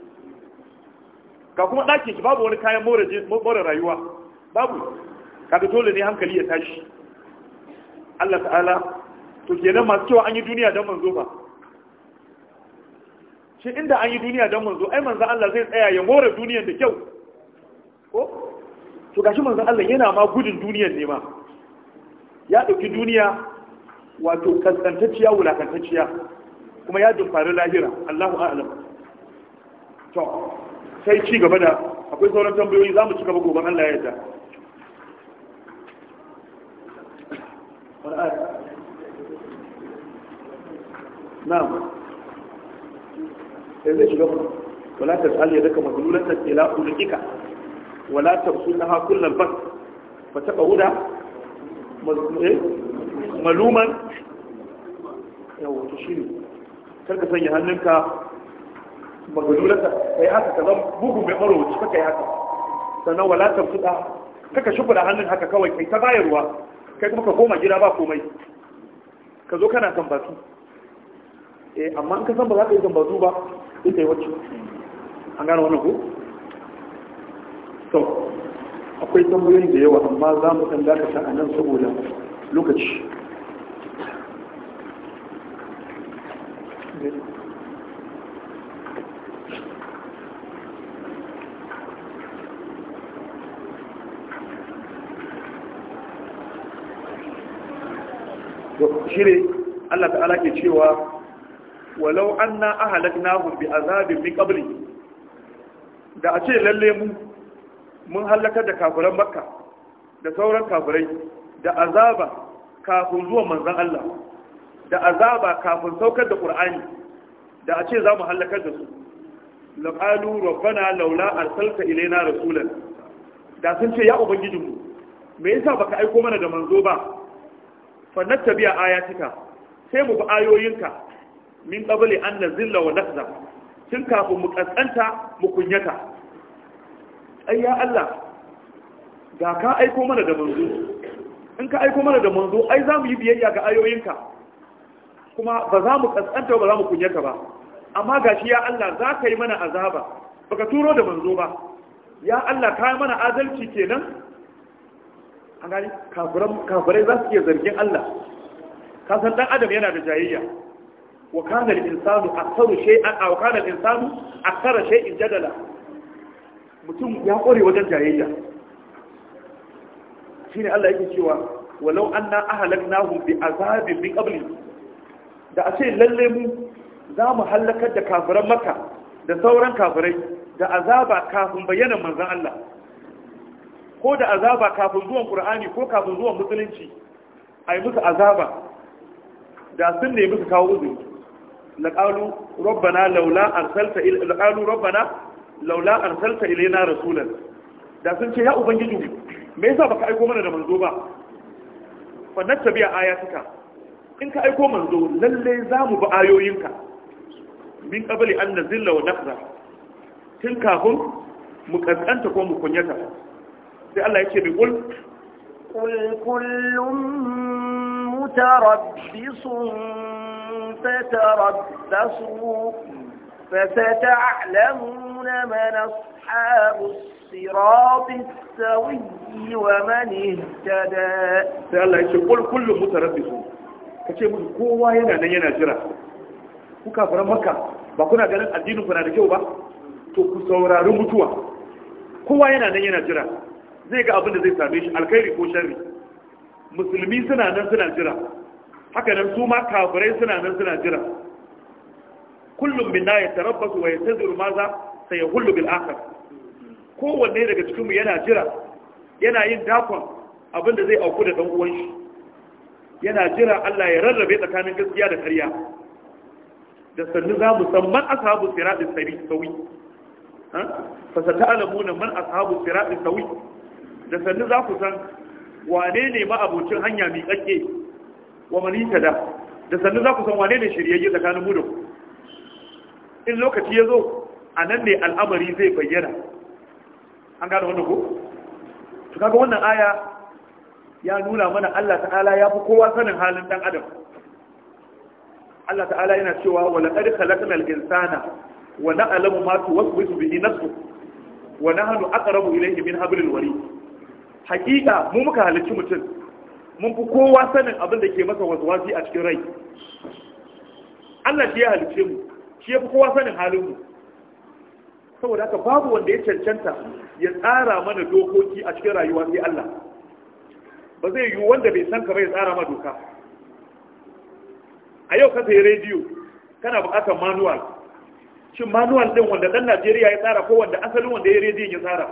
ga kuma dakin shi babu wani kayan more rayuwa babu kaga dole ne hankali ya tashi Allah ta'ala to kenan masu cewa an yi duniya dan manzo ba shi inda an yi duniya dan manzo ai manzo Allah zai tsaya ya more duniyar da kyau ko to gashi manzo Allah yana ma gudun duniyar ne ma ya ɗauki duniya wato kaskantacciya wulakantacciya kuma ya dumfari lahira Allahu a'lam to sai ci gaba da akwai sauran tambayoyi za mu ci gaba gobe Allah ya yarda na'am sai eh, zai shiga wala ta tsali da kama dululatan ila ulika wala ta tafsunaha kullal bas fa taqa huda Eh? maluman yawon shi ne karka sanya hannunka magalulanka ka yi haka ka zan bugu mai maro marowaci ka yi haka sannan walatar fuda kaka shimfida hannun haka kawai kai ta bayarwa kai kuma ka koma gida ba komai ka zo kana kan batu eh amma in ka san ba za ka yi kan batu ba sai ka yi wacce an gane wannan ko? akwai tambayoyin da yawa amma za mu kan dakata a nan saboda lokaci shire Allah ta'ala ke cewa walau an na ahalak bi azabin min ƙabli da a ce lalle mu mun hallakar da kafiran makka da sauran kafirai da azaba kafin zuwan manzan Allah da azaba kafin saukar da ƙur'ani da a ce za mu halakar da su laƙalu rabbana laula arsalta ilaina rasulan da sun ce ya ubangijinmu me yasa baka aiko mana da manzo ba fa nattabi'a ayatika sai mu bi ayoyinka min qabli an nazilla wa nakza. tun kafin mu kaskanta mu kunyata ai ya Allah ga ka aiko mana da manzo in ka aiko mana da manzo ai za mu yi biyayya ga ayoyinka kuma ba za mu kaskanta ba za mu kunyata ba amma ga shi ya Allah za ka yi mana azaba ba ka turo da manzo ba ya Allah ka yi mana adalci kenan an gani kafirai za su iya zargin Allah ka san dan adam yana da jayayya wa kana al-insanu aktharu shay'an aw kana al-insanu shay'in jadala mutum ya ƙware wajen jayayya Shi ne Allah yake cewa walau an na nahu bi azabin min ƙabli da a ce lalle mu za mu hallakar da kafiran maka da sauran kafirai da azaba kafin bayyana manzan Allah ko da azaba kafin zuwan Qur'ani ko kafin zuwan musulunci ai musu azaba da sun ne musu kawo uzuri laqalu rabbana laula arsalta ila laqalu rabbana laula arsalta ilaina rasulan da sun ce ya ubangiji me yasa baka aiko mana da manzo ba fa nattabi'a ayatuka in ka aiko manzo lalle zamu bi ayoyinka min qabli an nazilla wa nakhza tun kafin mu kankanta ko mu kunyata sai Allah yake bi kul kul kullum mutarabbisun fatarabbasu فستعلمون من أصحاب الصراط السوي ومن اهتدى سأل الله قل كل متربص kace musu kowa yana nan yana jira ku kafiran makka ba kuna ganin addinin kuna da kyau ba to ku saurari mutuwa kowa yana nan yana jira zai ga abin da zai same shi ko sharri musulmi suna nan suna jira haka nan su ma kafirai suna nan suna jira kullum minna ya tarabbasu wa yantazir maza sai ya hullu bil akhar kowanne daga cikin mu yana jira yana yin dakon abin da zai auku da dan uwan shi yana jira Allah ya rarrabe tsakanin gaskiya da ƙarya da sannu za mu san man ashabu siratin sabi sawi fa sata'lamuna man ashabu siratin sawi da sannu za ku san wane ne ma abocin hanya mai tsakke wa malika da da sannu za ku san wane ne shiryayye tsakanin mu da ku in lokaci ya zo a nan ne al'amari zai bayyana an gano wannan ko to kaga wannan aya ya nuna mana Allah ta'ala ya fi kowa sanin halin dan adam Allah ta'ala yana cewa wa laqad khalaqnal insana wa na'lamu ma tuwaswisu bihi nafsuhu wa nahnu aqrabu ilayhi min hablil wari. hakika mu muka halicci mutum mun fi kowa sanin abin da ke masa waswasi a cikin rai Allah shi ya halicce mu shi ya fi kowa sanin halin mu saboda haka babu wanda ya cancanta ya tsara mana dokoki a cikin rayuwa sai Allah ba zai yi wanda bai san ka bai tsara ma doka a yau ka sayi rediyo kana buƙatar manual shin manual din wanda dan Najeriya ya tsara ko wanda asalin wanda ya rediyon ya tsara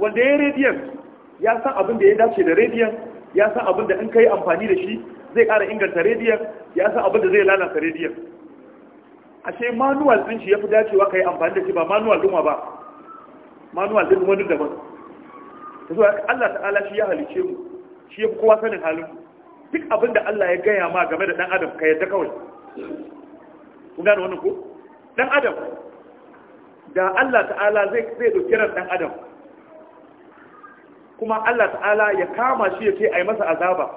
wanda ya rediyon ya san abin da ya dace da rediyon ya san abin da in kai amfani da shi zai ƙara inganta rediyon ya san abin da zai lalata rediyon ashe manual din shi ya fi dacewa ka yi amfani da shi ba manual din ba manual din wani daban ta zo Allah ta'ala shi ya halice mu shi ya fi kowa sanin halin duk abin da Allah ya gaya ma game da dan adam ka yadda kawai ku gane wannan ko dan adam da Allah ta'ala zai zai dauki ran dan adam kuma Allah ta'ala ya kama shi ya ce ai masa azaba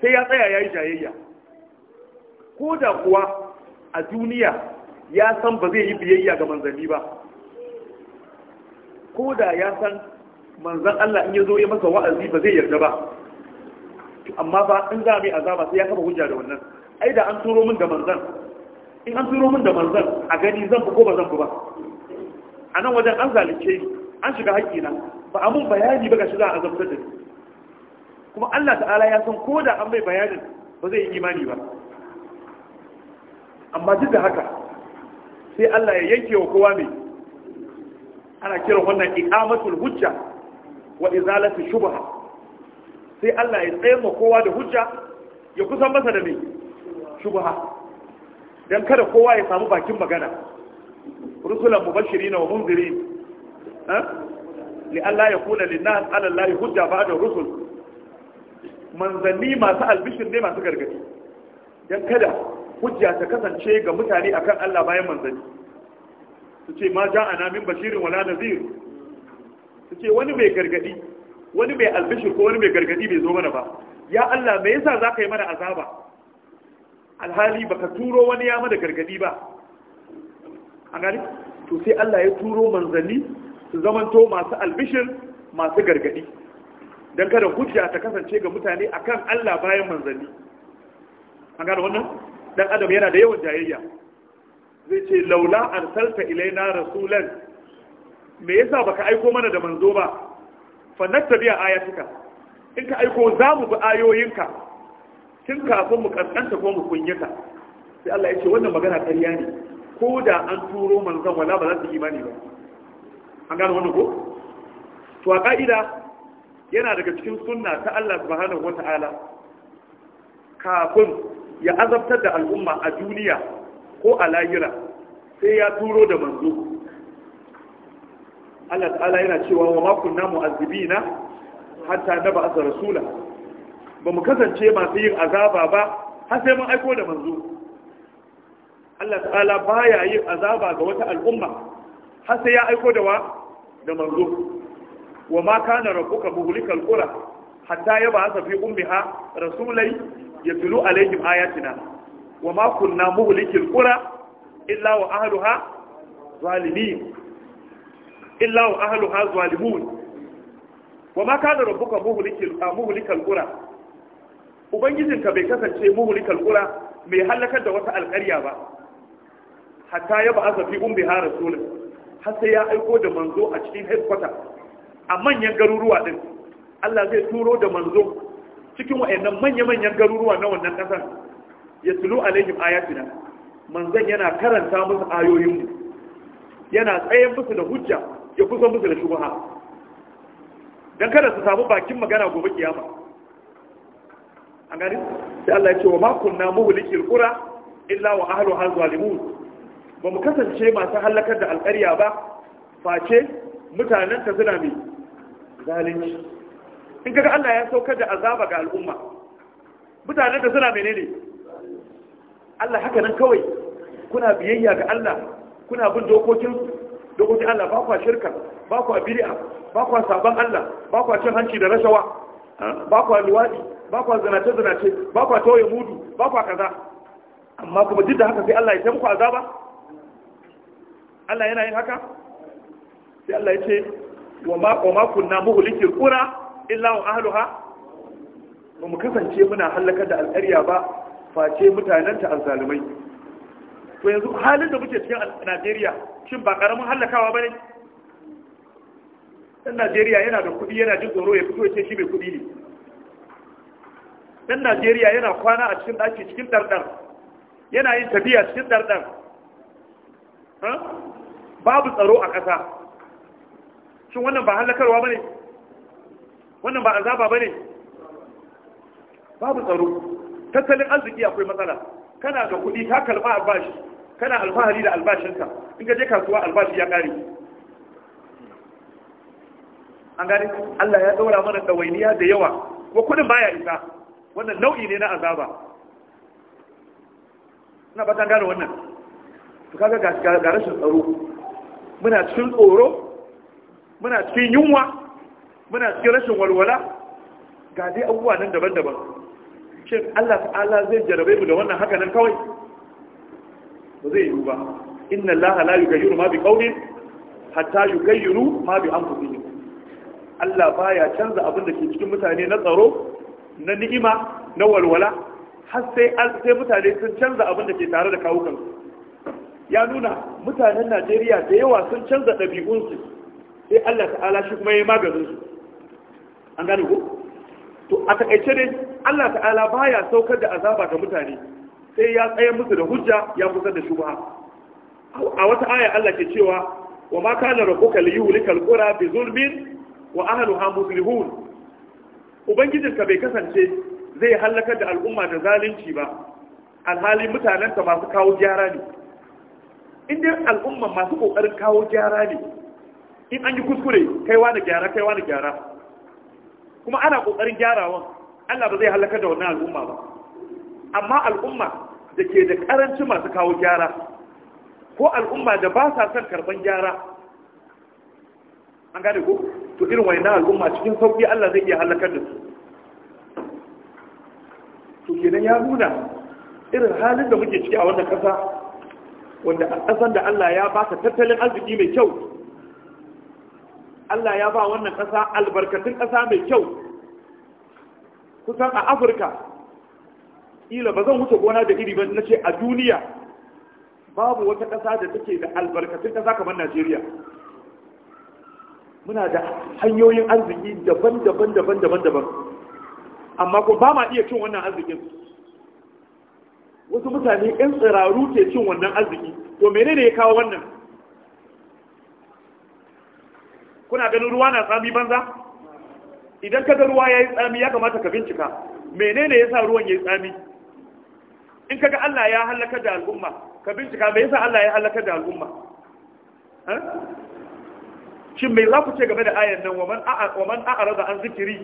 sai ya tsaya yayi jayayya ko da kuwa a duniya ya san ba zai yi biyayya ga manzanni ba ko da ya san manzan Allah in ya zo ya masa wa'azi ba zai yarda ba amma ba in za mai azaba sai ya kafa hujja da wannan ai da an turo min da manzan in an turo min da manzan a gani zan ko ba zan ba a nan wajen an zalunce ni an shiga haƙƙina ba a mun bayani ba ga shi za a azabtar da ni kuma Allah ta'ala ya san ko da an mai bayanin ba zai yi imani ba amma duk da haka sai Allah ya yanke wa kowa mai ana kiran wannan iqamatul hujja wa izalatu shubha sai Allah ya tsayar ma kowa da hujja ya kusan masa da mai shubha dan kada kowa ya samu bakin magana rusulan mubashirin wa munzirin لألا يكون للناس على الله حجة بعد الرسل rusul. ما masu بشر ne masu سكرقتي dan kada hujja ta kasance ga mutane akan Allah bayan manzanni su ce ma na min bashirin wala nazir su ce wani mai gargadi wani mai albishir ko wani mai gargadi bai zo mana ba ya Allah me yasa zaka yi mana azaba alhali baka turo wani ya mana gargadi ba an gani to sai Allah ya turo manzanni su zamanto masu albishir masu gargadi don kada hujja ta kasance ga mutane akan Allah bayan manzanni an gani wannan dan adam yana da yawan jayayya zai ce laula arsalta ilaina rasulan me yasa baka aiko mana da manzo ba fa nattabi'a ayatuka in ka aiko za mu bi ayoyinka tun kafin mu kaskanta ko mu kunyata sai Allah ya ce wannan magana ƙarya ne ko da an turo manzon wala ba za su imani ba an gano wannan ko to a ka'ida yana daga cikin sunna ta Allah subhanahu wata'ala kafin ya azabtar da al'umma a duniya ko a lahira sai ya turo da manzo Allah ta'ala yana cewa wa ma kunna na? hatta naba asa rasula ba mu kasance masu yin azaba ba har sai mun aiko da manzo Allah ta'ala baya yin azaba ga wata al'umma har sai ya aiko da wa da manzo wa ma kana rabbuka muhlikal qura hatta yaba asa fi ummiha rasulai yatlu alaihim ayatina wa ma kunna muhlikil qura illa wa ahluha zalimin illa wa ahluha zalimun wa ma kana rabbuka muhlikil ah, muhlikal qura ubangijinka bai kasance muhlikal qura mai halakar da wata alƙarya ba hatta ya ba'atha fi umbiha rasulun har sai ya aiko da manzo a cikin headquarter a manyan garuruwa din Allah zai turo da manzo cikin wa'annan manya-manyan garuruwa na wannan kasar ya tulu alaihim ayatina manzan yana karanta musu ayoyin yana tsaye musu da hujja ya kusa musu da shubaha don kada su samu bakin magana gobe kiyama A gani da Allah ya ce wa ma muhu muhlikil qura illa wa zuwa limu ba mu kasance masu hallakar da alkariya ba face mutanen ka suna mai zalunci in kaga Allah ya saukar da azaba ga al'umma mutanen da suna menene Allah haka nan kawai kuna biyayya ga Allah kuna bin dokokin dokokin Allah ba kwa shirka ba kwa bid'a ba kwa saban Allah ba kwa cin hanci da rashawa ba kwa liwadi ba kwa zanace zanace ba kwa toye mudu ba kwa kaza amma kuma duk da haka sai Allah ya tamku azaba Allah yana yin haka sai Allah ya ce wa ma kunna muhlikil qura illa wa ahluha ba mu kasance muna hallakar da alƙarya ba face mutanenta alzalimai to yanzu halin da muke cikin Najeriya shin ba karamin hallakawa bane dan Najeriya yana da kuɗi yana jin tsoro ya fito ya ce shi mai kuɗi ne dan Najeriya yana kwana a cikin ɗaki cikin ɗarɗar yana yin tafiya cikin ɗarɗar babu tsaro a ƙasa shin wannan ba hallakarwa bane wannan ba azaba bane babu tsaro tattalin arziki akwai matsala kana da kuɗi ka kalma albashi kana alfahari da albashinka in ka je kasuwa albashi ya ƙare an gani Allah ya daura mana ɗawainiya da yawa ko kuɗin baya isa wannan nau'i ne na azaba ina ba ta gane wannan to kaga ga rashin tsaro muna cikin tsoro muna cikin yunwa muna cikin rashin walwala ga dai abubuwa nan daban-daban shin Allah ta'ala zai jarabe mu da wannan haka nan kawai ba zai yiwu ba inna Allah la yughayyiru ma bi qawmin hatta yughayyiru ma bi anfusihim Allah baya canza abin da ke cikin mutane na tsaro na ni'ima na walwala har sai sai mutane sun canza abin da ke tare da kawukansu ya nuna mutanen Najeriya da yawa sun canza ɗabi'unsu sai Allah ta'ala shi kuma ya maganin su an gane ko to a takaice ne Allah ta'ala baya saukar da azaba ga mutane sai ya tsaye musu da hujja ya kusa da shubha a wata aya Allah ke cewa wa ma kana rabbuka liyulikal qura bi zulmin wa ahliha muslihun ka bai kasance zai halaka da al'umma da zalunci ba alhali mutanenka masu kawo gyara ne in dai al'umma masu kokarin kawo gyara ne in an yi kuskure kaiwa da gyara kaiwa da gyara kuma ana kokarin gyarawa Allah ba zai halaka da wannan al'umma ba amma al'umma da ke da karanci masu kawo gyara ko al'umma da ba sa son karban gyara an gane ko to irin wani na al'umma cikin sauki Allah zai iya halakar da su to kenan ya nuna irin halin da muke ciki a wannan ƙasa, wanda a ƙasar da Allah ya ba ta tattalin arziki mai kyau Allah ya ba wannan ƙasa albarkatun ƙasa mai kyau kusan a afirka ila ba zan wuce gona da iri ba na ce a duniya babu wata ƙasa da take da albarkatun ƙasa kamar najeriya muna da hanyoyin arziki daban-daban daban-daban daban amma ko ba ma iya cin wannan arzikin wasu mutane 'yan tsiraru ke cin wannan arziki to menene ya kawo wannan kuna ganin ruwa na tsami banza idan ka ga ruwa yi tsami ya kamata ka bincika menene sa ruwan ya yi tsami in kaga Allah ya halaka da al'umma ka bincika me yasa Allah ya halaka da al'umma shin mai za ku ce game da ayan nan wa man a wa an zikiri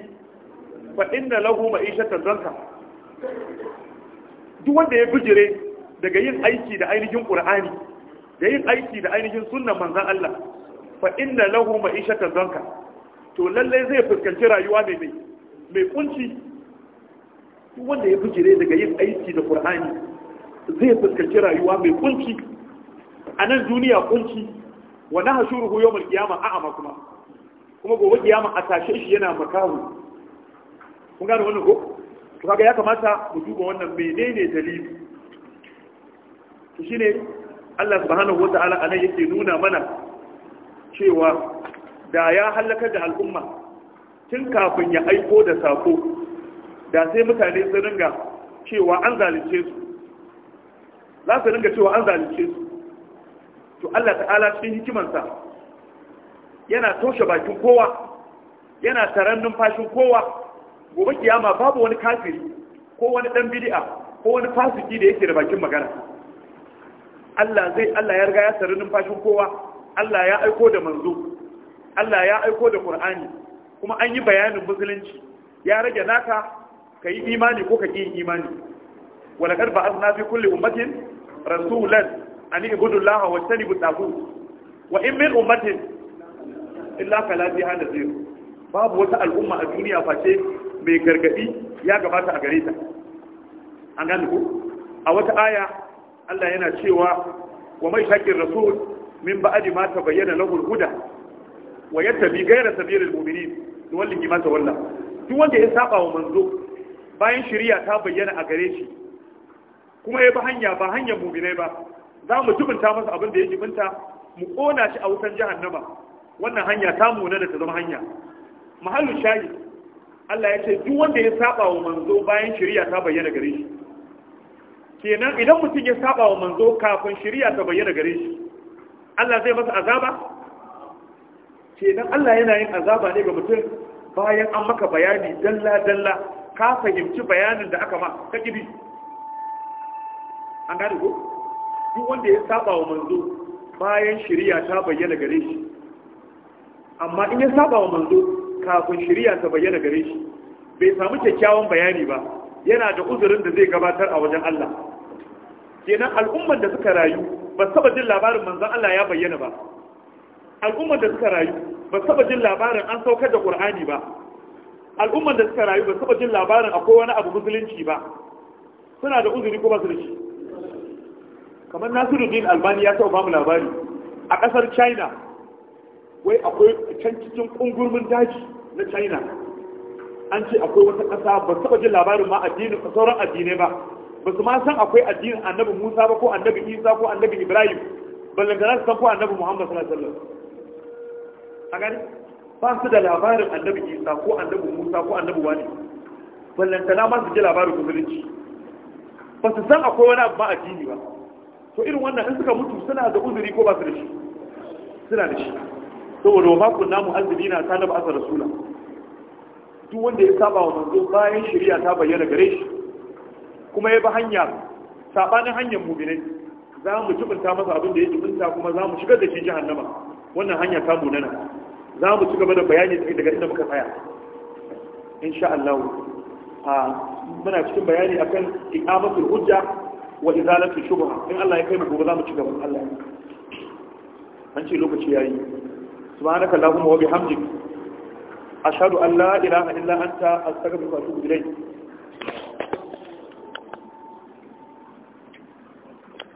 fa inna lahu ma'ishatan zanka duk wanda ya bijire daga yin aiki da ainihin qur'ani da yin aiki da ainihin sunnan manzon Allah fa inna lahu ma'ishatan zanka to lallai zai fuskanci rayuwa ne mai mai kunci wanda ya bijire daga yin aiki da qur'ani zai fuskanci rayuwa mai kunci a nan duniya kunci wa nahshuruhu yawmal qiyamah a'ama kuma kuma gobe kiyama a tashe shi yana makahu kun gane wannan ko to kaga ya kamata mu duba wannan menene dalili to shine Allah subhanahu wataala anan yake nuna mana cewa da ya halakar da al'umma tun kafin ya aiko da sako da sai mutane su ringa cewa an zalice su za su ringa cewa an zalice su to Allah ta'ala cikin hikimansa yana toshe bakin kowa yana taran numfashin kowa gobe kiyama babu wani kafiri ko wani dan bid'a ko wani fasiki da yake da bakin magana Allah zai Allah ya riga ya taran numfashin kowa Allah ya aiko da manzo Allah ya aiko da Qur'ani kuma an yi bayanin musulunci ya rage naka ka yi imani ko ka ƙi imani wala kad azna fi kulli ummatin rasulan an ibudu Allah wa tanibu tabu wa in min ummatin illa kala fi hada zero babu wata al'umma a duniya face mai gargadi ya gabata a gare ta an gane ko. a wata aya Allah yana cewa wa mai shakir rasul min ba'di ma tabayyana lahu al-huda wa yattabi ghayra sabilil mu'minin nuwallihi ma tawalla duk wanda ya saba wa manzo bayan shari'a ta bayyana a gare shi kuma ya bi hanya ba hanyar mu'minai ba za mu jibinta masa abin da ya jibinta mu kona shi a wutan jahannama wannan hanya ta muna da ta zama hanya mahallu shayi Allah ya ce duk wanda ya saba wa manzo bayan shari'a ta bayyana gare shi kenan idan mutum ya saba wa manzo kafin shari'a ta bayyana gare shi Allah zai masa azaba Kenan Allah yana yin azaba ne ga mutum bayan an maka bayani dalla dalla ka fahimci bayanin da aka ma ka kibi an gane ko duk wanda ya saba wa manzo bayan shirya ta bayyana gare shi amma in ya saba wa manzo kafin shirya ta bayyana gare shi bai samu kyakkyawan bayani ba yana da uzurin da zai gabatar a wajen Allah kenan al'umman da suka rayu ba saba jin labarin manzon Allah ya bayyana ba al'ummar da suka rayu ba saba jin labarin an saukar da Qur'ani ba al'ummar da suka rayu ba saba jin labarin akwai wani abu musulunci ba suna da uzuri ko ba su da shi kamar Nasiruddin Albani ya taɓa mu labari a ƙasar China wai akwai can cikin kungurmin daji na China an ce akwai wata ƙasa ba saba jin labarin ma addini sauran addinai ba ba su ma san akwai addinin annabi musa ba ko annabi isa ko annabi ibrahim ballantana su san ko annabi muhammad sallallahu alaihi wasallam a gani ba su da labarin annabi isa ko annabi musa ko annabi wani ballantana ma su ji labarin musulunci ba su san akwai wani abu ma addini ba to irin wannan in suka mutu suna da uzuri ko ba su da shi suna da shi saboda wa makon namu azumi na ta naba asa rasula duk wanda ya saba wa manzo bayan shari'a ta bayyana gare shi kuma ya bi hanya sabanin hanyar mu'minai za mu jibinta masa abin da ya jibinta kuma za mu shigar da shi jahannama wannan hanya ta munana za mu ci gaba da bayani daga inda muka tsaya insha Allah a muna cikin bayani akan iqamatul hujja wa izalatul shubha in Allah ya kai mu gobe za mu ci gaba Allah an ce lokaci yayi subhanaka allahumma wa bihamdik ashhadu an la ilaha illa anta astaghfiruka wa atubu ilayk